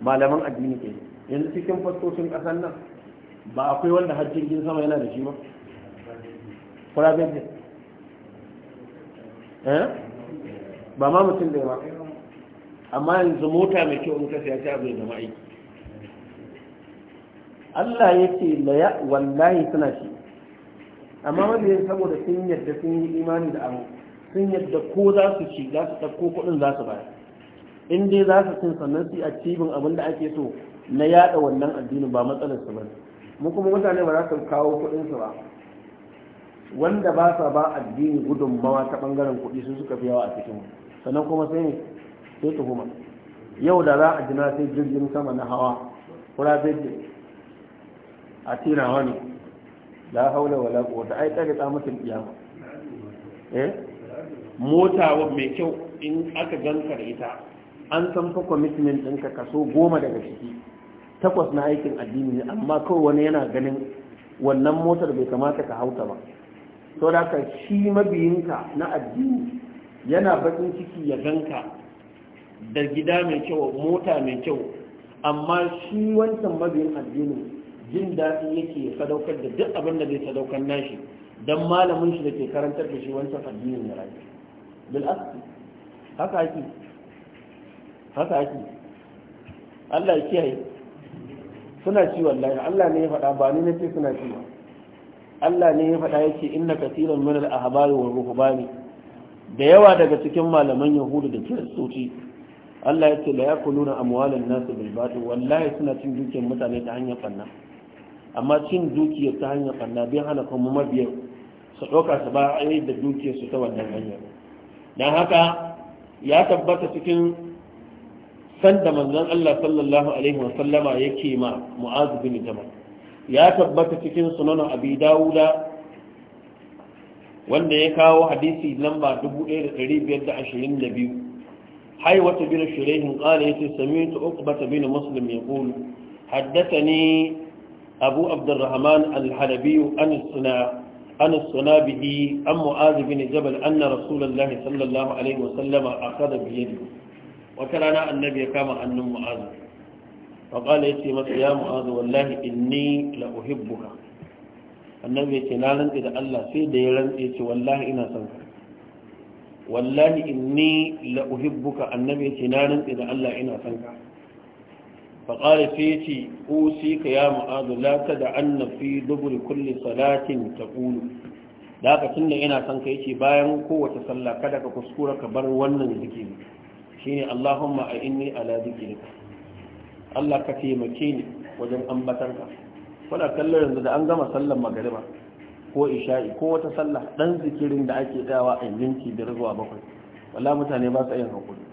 malaman addini ke yanzu cikin fastocin ƙasar nan ba akwai wanda har jirgin sama yana da shi ba eh ba ma mutum da ba amma yanzu mota mai kyau in kasa ya ci abu da zama aiki Allah ya ce wallahi suna shi amma mabiyan saboda sun yadda sun yi imani da abu sun yadda ko za su ci za su ɗauko kuɗin za su ba in dai za su cin sannan su yi cibin abin da ake so na yaɗa wannan addinin ba matsalar su bane mu kuma mutane ba za su kawo kuɗin su ba wanda ba sa ba addini gudunmawa ta bangaren kuɗi su suka fi yawa a cikin sannan kuma sai sai sai tuhuma yau da za a jina sai jirgin sama na hawa kura a tirawa ne la haula wala quwwata ai tsare tsamutin kiyama eh mota mai kyau in aka ganka da ita an san fa commitment ɗinka kaso goma daga ciki takwas na aikin addini ne amma kawai wani yana ganin wannan motar bai kamata ka hauta ba sau da ka shi mabiyinka na addini yana bakin ciki ya ganka da gida mai kyau mota mai kyau amma shi wancan mabiyin addinin jin daɗi yake sadaukar da duk abin da zai sadaukar nashi don malamin shi da ke karantar da shi wancan addinin ya rayu bil asti haka ake haka ake Allah ya kiyaye suna ci wallahi Allah ne ya faɗa ba ni nace suna ci ba Allah ne ya faɗa yake inna katiran min al ahbari wa ruhbani da yawa daga cikin malaman yahudu da kiristoci Allah ya ce la yakuluna amwalan nas bil batil wallahi suna cin dukiyar mutane ta hanyar fanna amma cin dukiyar ta hanyar fanna bai hana kuma mabiyar su ɗauka su ba a yi da dukiyar su ta wannan hanyar don haka ya tabbata cikin san sanda manzon Allah sallallahu alaihi wa sallama ya ke ma mu'azu bin jabal ya tabbata cikin sunan abi dawuda wanda ya kawo hadisi lamba 1522 hay wata bin shurihin qala ta sami'tu uqbata bin muslim haddasa ne. أبو عبد الرحمن الحلبي عن الصنابه عن معاذ بن جبل أن رسول الله صلى الله عليه وسلم أخذ بيده وكان النبي كما أن معاذ فقال يتيمة يا معاذ والله إني لأحبك النبي يتنالا إذا الله سيد يلن والله إنا سنك wallahi inni la uhibbuka annabi ce na rantsi da Allah ina son ka فقال فيتي أوصيك ya معاذ لا تدعن في kulle كل ta تقول da haka tun da ina son kai yace bayan kowace sallah kada ka kuskura ka bar wannan zikiri ne Allahumma a inni ala zikrika Allah ka taimake ni wajen ambatar ka kuna kallon yanzu da an gama sallar magariba ko isha'i ko wata sallah dan zikirin da ake dawa a minti biyar zuwa bakwai Wala mutane ba su yin hakuri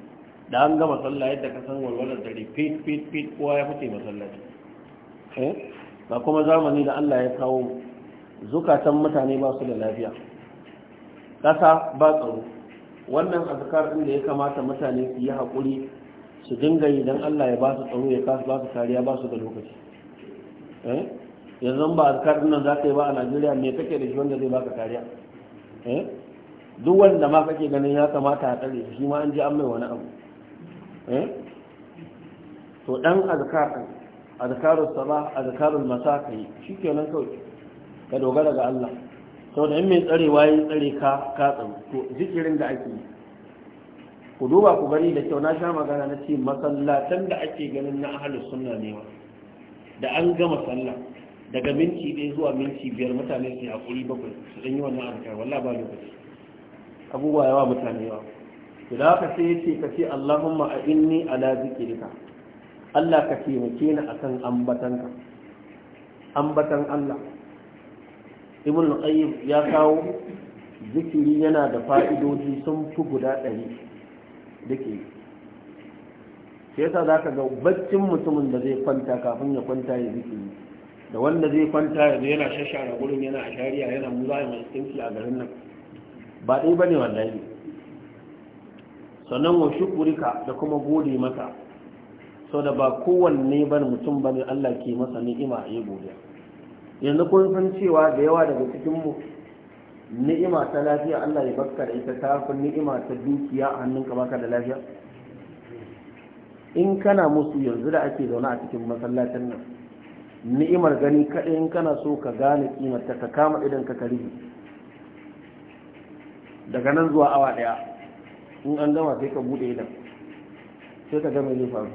da an gama tsalla yadda ka san walwalar dare fit fit fit kowa ya fice masallaci eh? ba kuma zamani da Allah ya kawo zukatan mutane ba su da lafiya ƙasa ba tsaro wannan azkar din da ya kamata mutane su yi hakuri su dinga yi don Allah ya ba su tsaro ya kasu ba su kariya ba su da lokaci eh? yanzu ba azkar din nan za ka yi ba a Najeriya me kake da shi wanda zai baka kariya eh? duk wanda ma kake ganin ya kamata a tsare shi ma an ji an mai wani abu Eh? to dan azkar azkarus sabah yi shi kai nan kawai ka dogara ga Allah da in mai tsarewa ya tsare ka ka tsaro to zikirin da ake yi ku duba ku gani da kyau na sha magana na ce masallatan da ake ganin na ahalus sunna ne da an gama sallah daga minti ɗaya zuwa minti biyar mutane su yi hakuri bakwai su ɗan yi wannan alkar wallah ba lokaci abubuwa yawa mutane yawa da ka sai yace ka ce Allahumma a inni ala zikrika Allah ka taimake ni akan ambatanka ambatan Allah Ibn qayyim ya kawo zikiri yana da fa'idodi sun fi guda ɗari da sai yasa za ka ga baccin mutumin da zai kwanta kafin ya kwanta ya zikiri da wanda zai kwanta ya yana shashara gurin yana a shari'a yana muza mai tsinki a garin nan ba ɗaya ba ne wallahi sannan wa shukurika da kuma gode maka sau da ba kowanne ban mutum ba ne Allah ke masa ni'ima ya gode yanzu kun san cewa da yawa daga cikinmu ni'ima ta lafiya Allah ya baka da ita ta ni'ima ta dukiya a hannunka baka da lafiya in kana musu yanzu da ake zaune a cikin masallacin nan ni'imar gani kaɗai in kana so ka gane kimar ta ka kama idan ka karihi daga nan zuwa awa ɗaya in an gama sai ka bude idan sai ka gama zai faru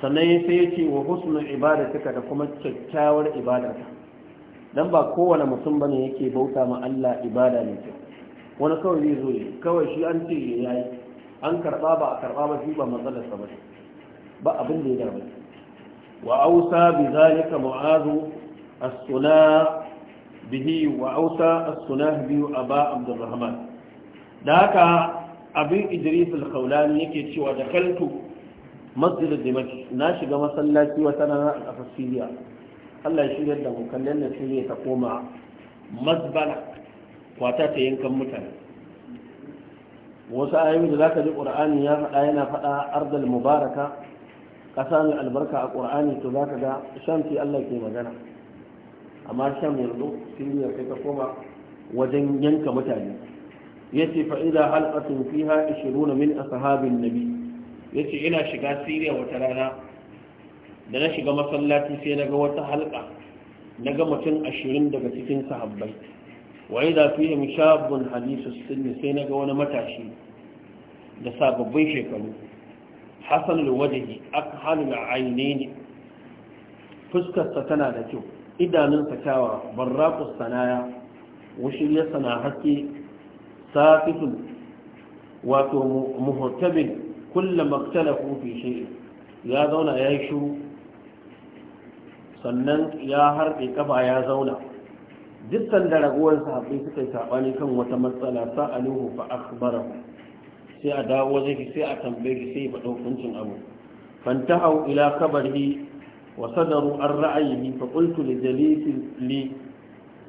sannan sai ya ce wa husnul suka da kuma kyakkyawar ta dan ba kowane mutum bane yake bauta ma Allah ibada ne kyau wani kawai zai zo kawai shi an ce ya yi an karba ba a karba ba shi ba matsalar sa ba ba abin da ya dame wa ausa bi zalika mu'azu as-sunah bihi wa ausa as-sunah bi aba abdurrahman da haka abin idris al-kaulani yake cewa da kaltu masjid dimashq na shiga masallaci wa rana a kasar allah ya shirya da mu kallon da siriya ta koma mazbala kwata ta yankan mutane wasu ayoyi da zaka ji qur'ani ya faɗa yana faɗa ardal mubaraka ƙasa mai albarka a qur'ani to zaka ga shan shamsi allah ke magana amma shan yanzu siriya sai ta koma wajen yanka mutane yace fa idza halqatu fiha 20 min ashabin nabi yace ina shiga siriya wata rana da na shiga masallaci sai na ga wata halqa ga mutum 20 daga cikin sahabbai wa idza fihim shabun hadithu sunni sai na ga wani matashi da sababbin shekaru hasan alwajhi akhalul ne. fuskarsa tana da kyau idanunsa kyawa barraqus sanaya ya na haske sakitun wato muhtabin kullum maktalafu fi shay'in ya zauna ya yi shiru sannan ya harbe kafa ya zauna dukkan da raguwar sahabbai suka yi sabani kan wata matsala sa'aluhu fa akhbarahu sai a dawo wajen sai a tambaye sai ba hukuncin abu fantahau ila kabari wa sadaru an ra'ayi fa qultu li jalisi li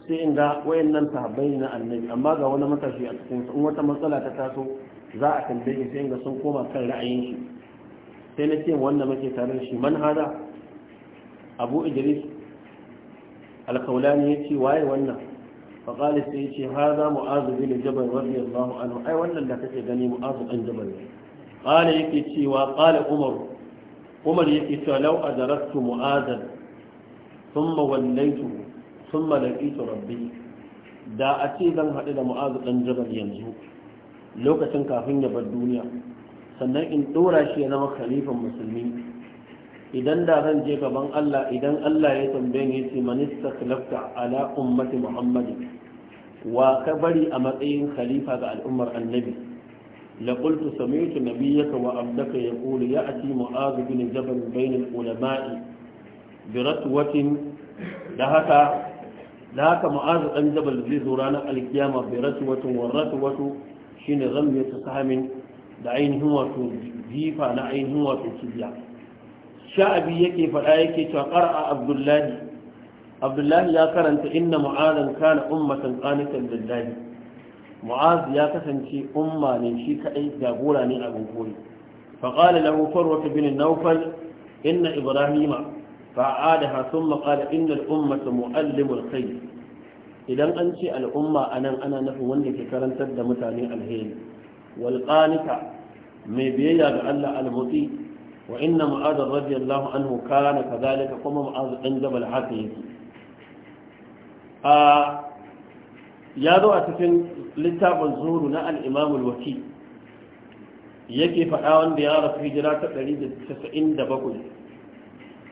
sai in ga wayannan sahabbai na annabi amma ga wani matashi a cikin in wata matsala ta taso za a tambaye sai in ga sun koma kan ra'ayin shi sai na ce wanda muke tare da shi man hada abu idris alkaulani ya ce waye wannan faƙali sai ya ce hada mu'azu bin jabal radiyallahu anhu ai wannan da kake gani mu'azu an jabal ne qala yake cewa qala umar umar yake cewa law adaratu mu'azan thumma wallaytu sun malakitu rabbi da a ce zan haɗu da mu'azu ɗan jabal yanzu lokacin kafin ya bar duniya sannan in ɗora shi ya zama khalifan musulmi idan da zan je gaban Allah idan Allah ya tambaye ni ce minista khalafta ala ummati Muhammadu, wa ka bari a matsayin khalifa ga al'ummar annabi لقلت سمعت نبيك وعبدك يقول يأتي معاذ بن جبل بين العلماء da haka. da haka ma'azu ɗan jabal zai zo ranar alkiyama bai rasu wato warratu wato ne zan mai ta samin da ainihin wato jifa na ainihin wato kibiya sha'abi yake faɗa yake cewa ƙara abdullahi abdullahi ya karanta inna ma'azan kana ummatan qanitan lillahi mu'az ya kasance umma ne shi kaɗai jagora ne a gungoyi fa qala lahu farwa bin nawfal inna ibrahima فعادها ثم قال إن الأمة مؤلم الخير إذا أنت الأمة أنا أنا نفوني في كرن تد متاني الهيل والقانتة مبيا الله المطيع وإن معاذ رضي الله عنه كان كذلك قم معاذ عند بالحقيق آه يا ذو أتفن لتاب زورنا الإمام الوكيل yake faɗa wanda ya rasu hijira ta 197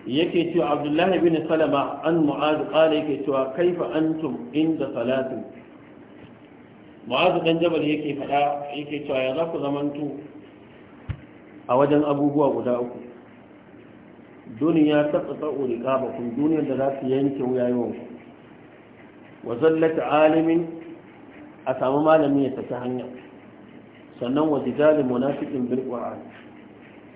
yake cewa abdullahi bin salama an mu'azu ƙara yake cewa kaifa antum inda Salatu?" mu'azu dan jabal yake yake cewa ya za ku zamanto a wajen abubuwa guda uku duniya ta tsatsa urika ba kun duniya da za su yanke wuyayen wa zallata alimin a samu malami ya tafi hanya sannan wa jidalin munafiqin bil qur'an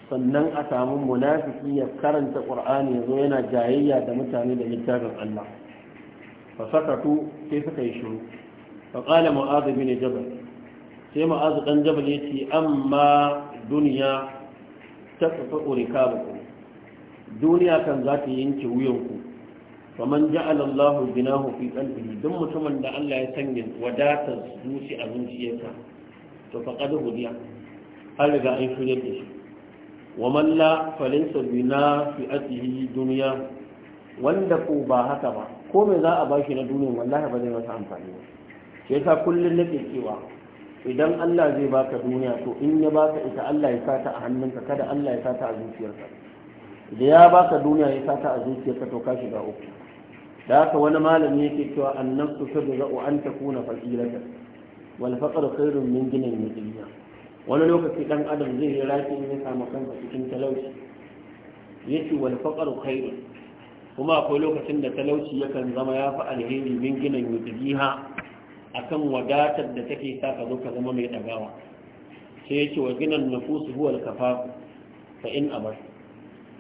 sannan a samu munafiki ya karanta ya yazo yana jayayya da mutane da littafin Allah fa sakatu sai suka yi shiru fa qala mu'adh bin jabal sai mu'adh dan jabal yace amma duniya ta tafi rikabukum duniya kan za ta yanke wuyanku faman ja'ala Allahu binahu fi qalbihi duk mutumin da Allah ya sanya wadatar zuci a zuciyarsa to faqad hudiya an riga an shirye da shi wa malla falaysa bi nafi'atihi duniya? wanda ko ba haka ba ko za a bashi na duniya wallahi ba zai masa amfani kullun cewa idan Allah zai baka duniya to in ya baka ita Allah ya sata a hannunka kada Allah ya sata a zuciyarka da ya baka duniya ya sata a zuciyarka to ka shiga uku da haka wani malami yake cewa annabtu tadra'u an takuna faqiratan wal faqr khairun min ginin mutliya wani lokaci dan adam zai yi rafi ne ya samu kanka cikin talauci yace wal faqru khairu kuma akwai lokacin da talauci yakan zama ya fi alheri min ginan yudhiha akan wadatar da take sa ka zo ka zama mai dagawa sai yace wa ginan nufusu huwa al kafafu fa in abar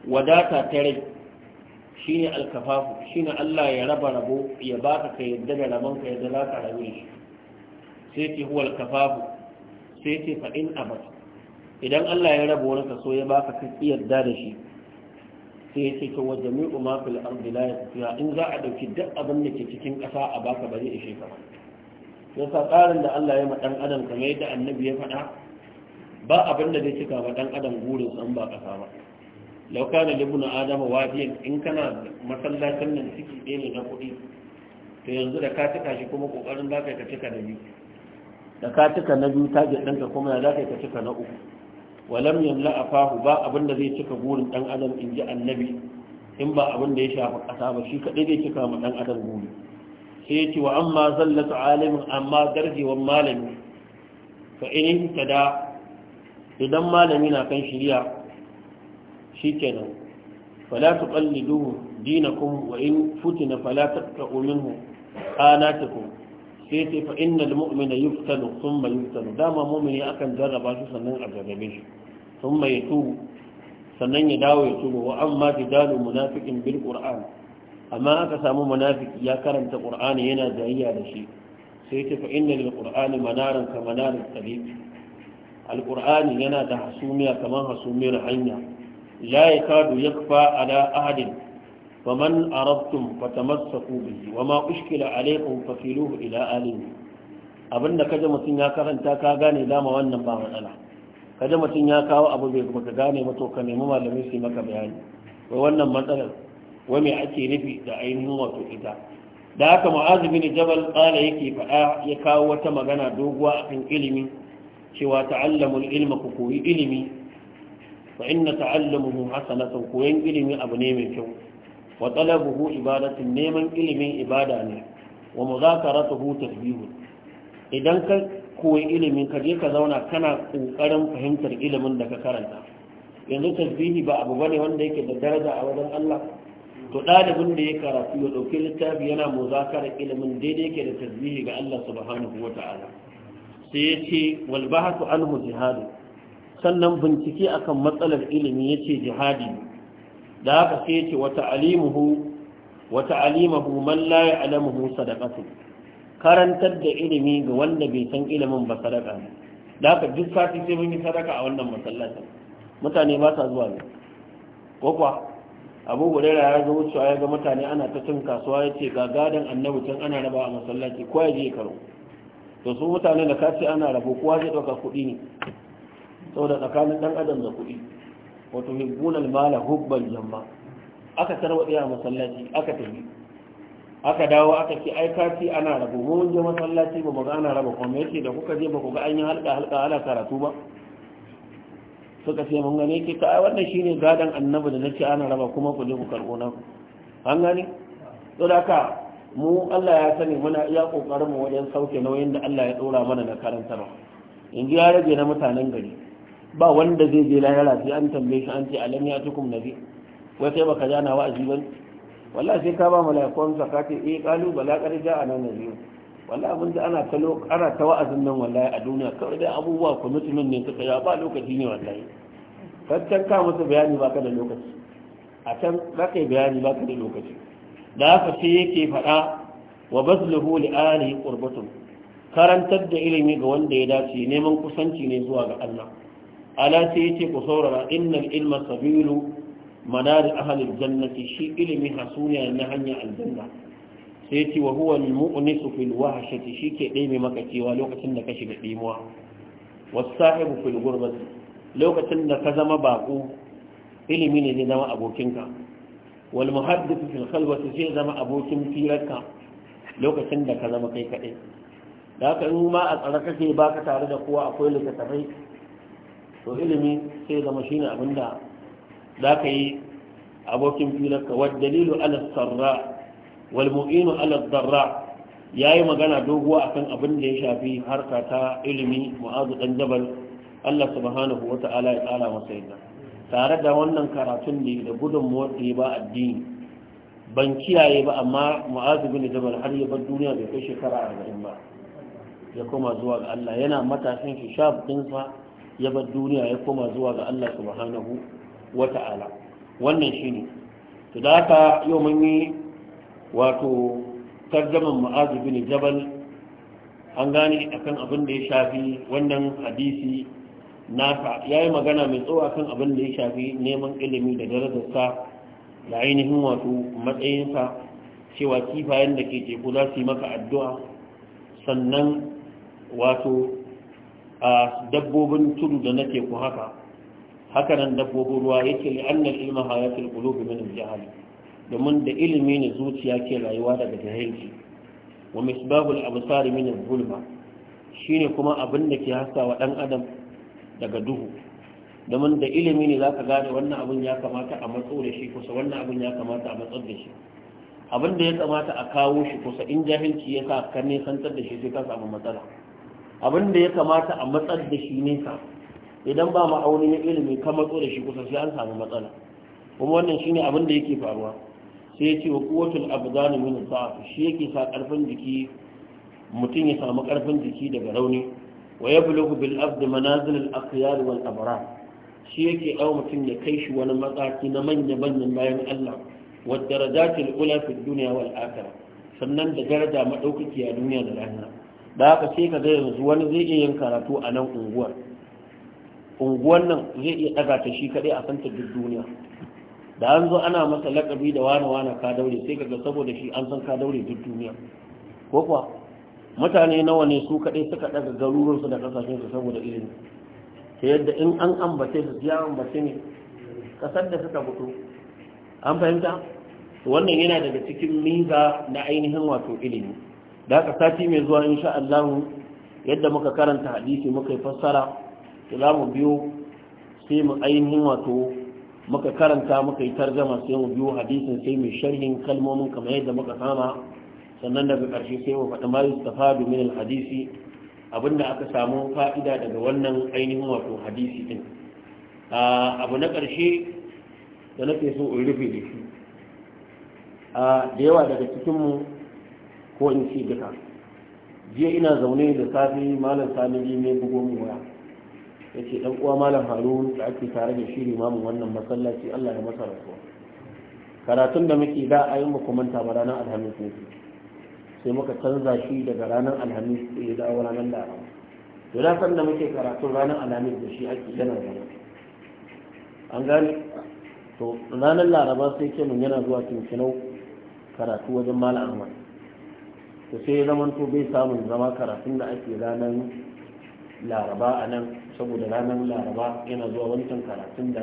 wadata ta rai shine al Shi shine Allah ya raba rabo ya baka ka yadda da rabon ka yadda za ka rabe sai yace huwa al kafafu sai ce fa a idan Allah ya raba wani kaso ya baka ka yarda da shi sai ya ce to wa jami'u ma fil ya la in za a ɗauki duk abin da ke cikin ƙasa a baka bari ishe ka tsarin da Allah ya ma ɗan adam kamar yadda annabi ya faɗa ba abin da zai cika ma ɗan adam gurin san ba ƙasa ba da libu na adama wadiyan in kana masallacin nan ciki ɗaya ne na kuɗi Ta yanzu da ka cika shi kuma ƙoƙarin za ka cika da biyu da ka cika na biyu target danka kuma zaka za ka cika na uku walam yamla afahu ba abin da zai cika burin dan adam in ji annabi in ba abin da ya shafi ƙasa ba shi kaɗai zai cika ma dan adam buri sai ce wa amma zallatu alimin amma darjewan malami fa in da idan malami na kan shirya shikenan fala tuqallidu dinakum wa in futina fala taqu minhu anatakum sai ce fa innal mu'mina yuftanu thumma yuftanu dama mu'mini akan jarraba shi sannan a jarrabe shi thumma yatubu sannan ya dawo ya tuba wa amma jidalu munafiqin bil qur'an amma aka samu munafiki ya karanta qur'ani yana jayayya da shi sai ce fa innal qur'ani manaran ka manarat tariq al qur'ani yana da hasumiya kamar hasumiyar hanya la yakadu yakfa ala ahadin faman arabtum fatamassaku bihi wama ushkila alaykum fakiluhu ila alimi abinda kaje mutun ya karanta ka gane dama wannan ba matsala kaje mutun ya kawo abu bai baka gane ba ka nemi malamai su maka bayani wai wannan matsalar wai me ake nufi da ainihin wato ita da haka mu'azu bin jabal qala yake faɗa ya kawo wata magana doguwa akan ilimi cewa ta'allamul ilma ku koyi ilimi fa inna ta'allamuhu hasanatan koyan ilimi abu ne mai kyau wa talabuhu ibadatin neman ilimin ibada ne wa muzakaratuhu tasbihu idan ka koyi ilimin ka je ka zauna kana kokarin fahimtar ilimin da ka karanta yanzu tasbihi ba abu bane wanda yake da daraja a wajen Allah to ɗalibin da ya karatu ya ɗauki littafi yana muzakarar ilimin daidai yake da tasbihi ga Allah subhanahu wa ta'ala sai ya ce wal bahatu anhu jihadu sannan bincike akan matsalar ilimi yace jihadi da haka sai ce wata ta'limuhu wa man la ya'lamuhu sadaqatu karantar da ilimi ga wanda bai san ilimin ba sadaka da haka duk sati sai mun yi sadaka a wannan masallacin mutane ba sa zuwa ne ko abu ya zo wucewa ya ga mutane ana ta cin kasuwa ya ce ga gadon annabi can ana raba a masallaci ko ya je karo to su mutane da kace ana rabo kowa zai ɗauka kuɗi ne saboda tsakanin ɗan adam da kuɗi wa tuhibbuna al-mala hubban jamma aka tarwade a masallaci aka tafi aka dawo aka ce ai kaci ana rabu mu mun je masallaci ba mu ga ana raba kuma yace da kuka je ba ku ga an yi halka halka ana karatu ba suka ce mun gane ke ka wannan shine gadan annabi da nake ana raba kuma ku je ku karbo na ku an gane to da ka mu Allah ya sani muna iya kokarin mu wajen sauke nauyin da Allah ya dora mana na karantarwa ji ya rage na mutanen gari ba wanda zai je lahira sai an tambaye shi an ce alam ya tukum nabi wai sai baka jana wa'azi bane wallahi sai ka ba malaikun zakati eh kalu bala qad ja'ana nabi wallahi abin da ana kalo ana ta wa'azin nan wallahi a duniya kawai dai abubuwa commitment ne suka ya ba lokaci ne wallahi kan ka musu bayani baka da lokaci a can za ka yi bayani baka da lokaci da haka sai yake faɗa wa bazluhu li alihi qurbatun karantar da ilimi ga wanda ya dace neman kusanci ne zuwa ga Allah ala sai yace ku saurara innal ilma sabilu manar ahli aljannati shi ilimi hasuniya na hanya aljanna sai yace wa huwa almu'nisu fil wahshati shi ke mai maka cewa lokacin da ka shiga dimuwa wasahibu fil gurbati lokacin da ka zama bako ilimi ne zai zama abokinka wal muhaddith fil khalwati zai zama abokin firarka lokacin da ka zama kai kadai da haka in ma a tsare kake baka tare da kowa akwai littattafai to ilimi sai zama shine abinda za ka yi abokin filarka Wa dalilu ala sarra wal mu'inu ala darra ya yi magana doguwa akan abin da ya shafi harka ta ilimi mu'azu dan jabal Allah subhanahu wa ta'ala ya tsara masa yadda tare da wannan karatun ne da gudun motsi ba addini ban kiyaye ba amma mu'azu bin jabal har ya bar duniya bai kai shekara arba'in ba ya koma zuwa ga Allah yana matashin shi shaf ya bar duniya ya koma zuwa ga Allah subhanahu wa ta'ala wannan shine to da haka yau mun yi wato tarjaman ma'azu bin jabal an gane akan abin da ya shafi wannan hadisi nasa ya yi magana mai tsawo akan abin da ya shafi neman ilimi da darajarsa da ainihin wato matsayinsa cewa kifayen da ke teku za su yi maka addu'a sannan wato a dabbobin tudu da na teku haka haka nan dabbobin ruwa yake li'annar ilma hayatul qulubi min al-jahl domin da ilimi ne zuciya ke rayuwa daga jahilci wa misbabul absar min al-zulma shine kuma abin da ke hasawa dan adam daga duhu domin da ilimi ne zaka gane wannan abin ya kamata a matso da shi kusa wannan abin ya kamata a matsar da shi abin da ya kamata a kawo shi kusa in jahilci ya sa ka nisantar da shi sai ka samu matsala abin da ya kamata a matsar da shi nesa idan ba ma'auni na ilimi ka matso da shi kusa sai an samu matsala kuma wannan shine abin da yake faruwa sai ya ce wa kuwatul abdan min da'af shi yake sa karfin jiki mutum ya samu karfin jiki daga rauni wa yablughu bil abdi manazil al aqyar wal abara shi yake dau mutum ya kai shi wani matsaki na manya manyan bayan Allah wa darajatil ula fi dunya wal akhirah sannan da daraja maɗaukaki a duniya da lahira da aka ce ka zai yanzu wani zai iya yin karatu a nan unguwar unguwar nan zai iya daga ta shi kadai a santa duk duniya da an zo ana masa lakabi da wane wane ka daure sai kaga saboda shi an san ka daure duk duniya ko kuwa mutane nawa ne su kadai suka daga garuruwan su da kasashen su saboda ilimi ta yadda in an ambace su ya ambace ne kasar da suka fito an fahimta wannan yana daga cikin miza na ainihin wato ilimi da aka sati mai zuwa insha Allah yadda muka karanta hadisi muka yi fassara to za mu biyo sai mu ainihin wato muka karanta muka yi tarjama sai mu biyo hadisin sai mu sharhin kalmomin kamar yadda muka sama sannan daga ƙarshe sai mu faɗi mai yustafa domin hadisi abinda aka samu fa'ida daga wannan ainihin wato hadisi din abu na ƙarshe da nake so in rufe da shi da yawa daga cikin mu ko in ci duka jiya ina zaune da safe malam salibi ne bugo mu waya ya ce dan uwa malam harun da ake tare da shi limamin wannan masallaci allah ya masa rasuwa karatun da muke da a yi makomanta ba ranar alhamis ne sai muka canza shi daga ranar alhamis da ya dawo ranar laraba to da san da muke karatun ranar alhamis da shi ake yana zama an gane to ranar laraba sai ke mun yana zuwa kinkinau karatu wajen malam ahmad to sai zaman to bai samun zama karatun da ake ranar laraba a nan saboda ranar laraba yana zuwa wancan karatun da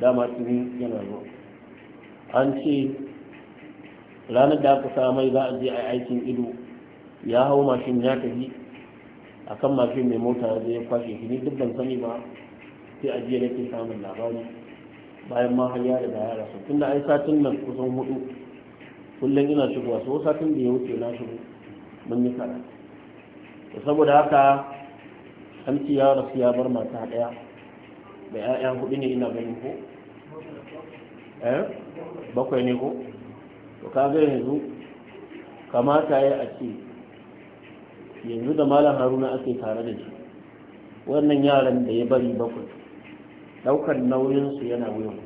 dama tuni yana zuwa an ce ranar da aka sa mai za a je a aikin ido ya hau mashin ya tafi a kan mashin mai mota zai ya kwashe shi ni duk ban sani ba sai a jiya nake samun labari bayan ma har ya da ya rasu tunda ai satin nan kusan hudu kullum ina shigowa so satin da ya wuce na shigo mun yi kara to saboda haka ci ya rasu ya bar mata daya da ƴaƴan hudu ne ina ganin ko eh bakwai ne ko to ka ga yanzu kamata ya a ce yanzu da malam haruna ake tare da shi wannan yaran da ya bari bakwai daukar nauyinsu yana wuyan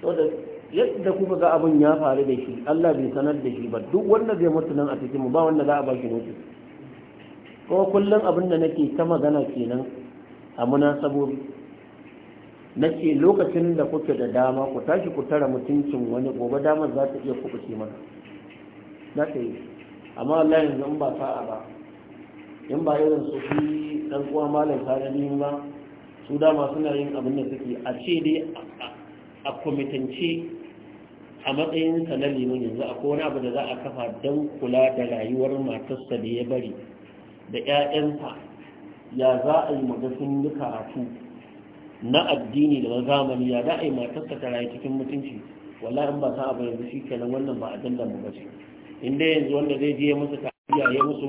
to yadda kuka ga abin ya faru da shi Allah bai sanar da shi ba duk wanda zai mutu nan a cikin mu ba wanda za a ba shi mutu. ko kullum abin da nake ta magana kenan a munasabobi nake lokacin da kuke da dama ku tashi ku tara mutuncin wani gobe damar za ta iya kuɓuce mana za ta yi amma Allah yanzu in ba sa'a ba in ba irin su fi ɗan uwa malam sarari ba su dama suna yin abin da suke a ce dai a kwamitance a matsayinsa na limin yanzu akwai wani abu da za a kafa don kula da rayuwar matarsa da ya bari da 'ya'yanta ya za a yi magasin karatu na addini da zamani ya za a yi matarsa ta rayu cikin mutunci wala in ba sa abu yanzu shi kenan wannan ba dandan mu bace in dai yanzu wanda zai je musu tafiya ya musu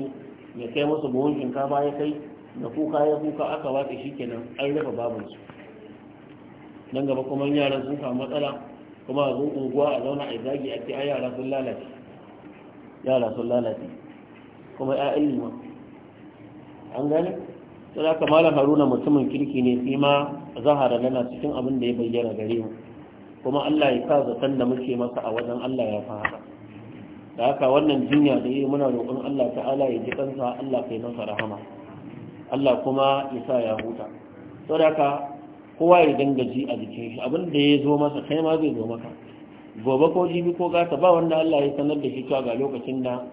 ya kai musu buhun shinkafa ya kai da kuka ya kuka aka watsa shi kenan an rufe babansu nan gaba kuma yaran sun samu matsala kuma a zo unguwa a zauna a zagi a ce yara sun lalace yara sun lalace kuma ya liman an gane Tsada aka haruna mutumin kirki ne fi ma zahara lana cikin abin da ya bayyana gare mu kuma Allah ya sa zaton da muke masa a wajen Allah ya fa haka da haka wannan jinya da yi muna roƙon Allah ta'ala ya ji kansa Allah kai masa rahama Allah kuma ya sa ya huta saboda kowa ya dinga ji a jikin shi abin da ya zo masa kai ma zai zo maka gobe ko jibi ko gata ba wanda Allah ya sanar da shi cewa ga lokacin da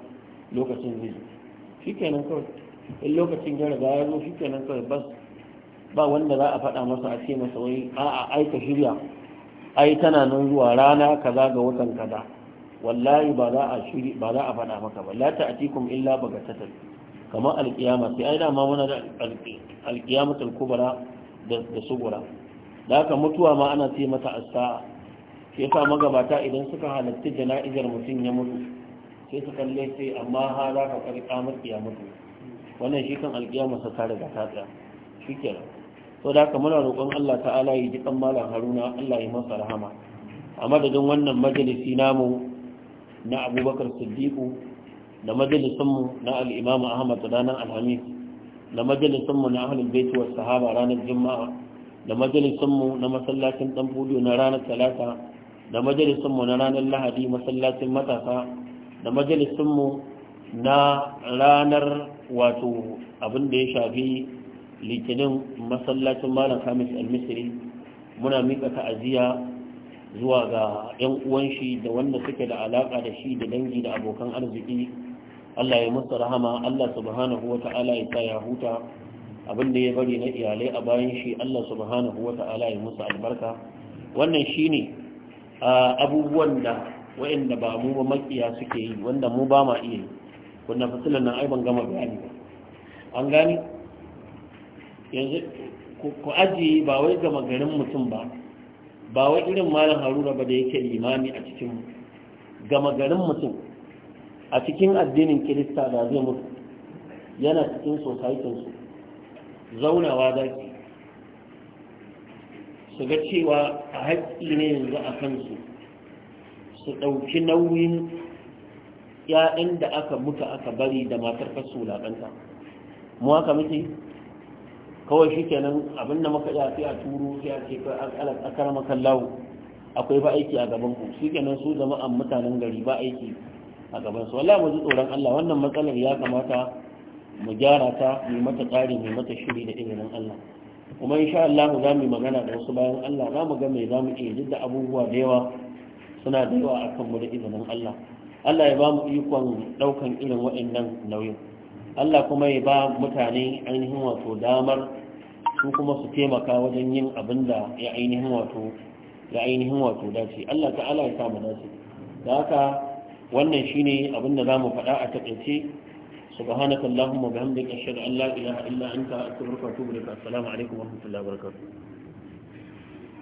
lokacin zai zo shikenan kawai in lokacin ya riga ya zo shikenan kawai bas ba wanda za a faɗa masa a ce masa wai a'a aika shirya ai tana nan zuwa rana kaza ga watan kaza wallahi ba za a shiri ba za a faɗa maka ba la ta'tikum illa bagatatan kamar alqiyama sai ai da ma muna da alqiyamatul kubra da sugura da haka mutuwa ma ana ce mata asa ke sa magabata idan suka halatta jana'izar mutum ya mutu sai su kalle sai amma ha za ka kari kamar ya mutu wannan shi kan alƙiyama sa tare da ta tsaya ke kenan so da haka muna roƙon Allah ta'ala ya yi jikan malam Haruna Allah ya masa rahama a madadin wannan majalisi namu na Abubakar Siddiku da majalisinmu na al Ahmad ranar Alhamis da majalisunmu na ahalin baiti wa sahaba ranar juma'a da majalisunmu na masallacin dan budu na ranar talata da majalisunmu na ranar lahadi masallacin matasa da majalisunmu na ranar wato abin da ya shafi litinin masallacin malam kamis al-misri muna miƙa ta'aziyya zuwa ga 'yan uwan shi da wanda suke da alaƙa da shi da dangi da abokan arziki Allah ya musu rahama Allah subhanahu ta'ala ya ya huta abin da ya bari na iyalai a bayan shi Allah subhanahu ta'ala ya musu albarka wannan shi ne abubuwan da wa'inda ba mu ba makiya suke yi wanda mu ba ma iya yi wannan fasilan nan ai ban gama bayani ba an gane yanzu ku ajiye ba wai gama garin mutum ba ba wai irin malam haruna ba da yake limami a cikin gama garin mutum a cikin addinin kirista da zai mutu yana cikin sosaitinsu zaunawa zaki su ga cewa a haƙƙi ne yanzu a kansu su ɗauki nauyin ‘ya'yan da aka mutu aka bari da matar fasu laɓanta mu aka mutu? kawai shi kenan abin da muka yafi a turu sai a ce kawai a akwai ba aiki a gabanku ku shi kenan su zama jama'an mutanen gari ba aiki a gaban su wallahi mu ji tsoron Allah wannan matsalar ya kamata mu gyara ta mu mata tsari mu mata shiri da izinin Allah kuma insha Allah za mu magana da wasu bayan Allah za mu ga me za mu iya da abubuwa da yawa suna da yawa akan mu da izinin Allah Allah ya ba mu ikon daukan irin waɗannan nauyin Allah kuma ya ba mutane ainihin wato damar su kuma su taimaka wajen yin abin da ya ainihin wato ya ainihin wato dace Allah ta'ala ya samu dace da haka wannan shine abin da zamu faɗa a takaice subhanaka allahumma bihamdika ashhadu an la ilaha illa anta astaghfiruka wa atubu ilaik assalamu alaikum wa rahmatullahi wa barakatuh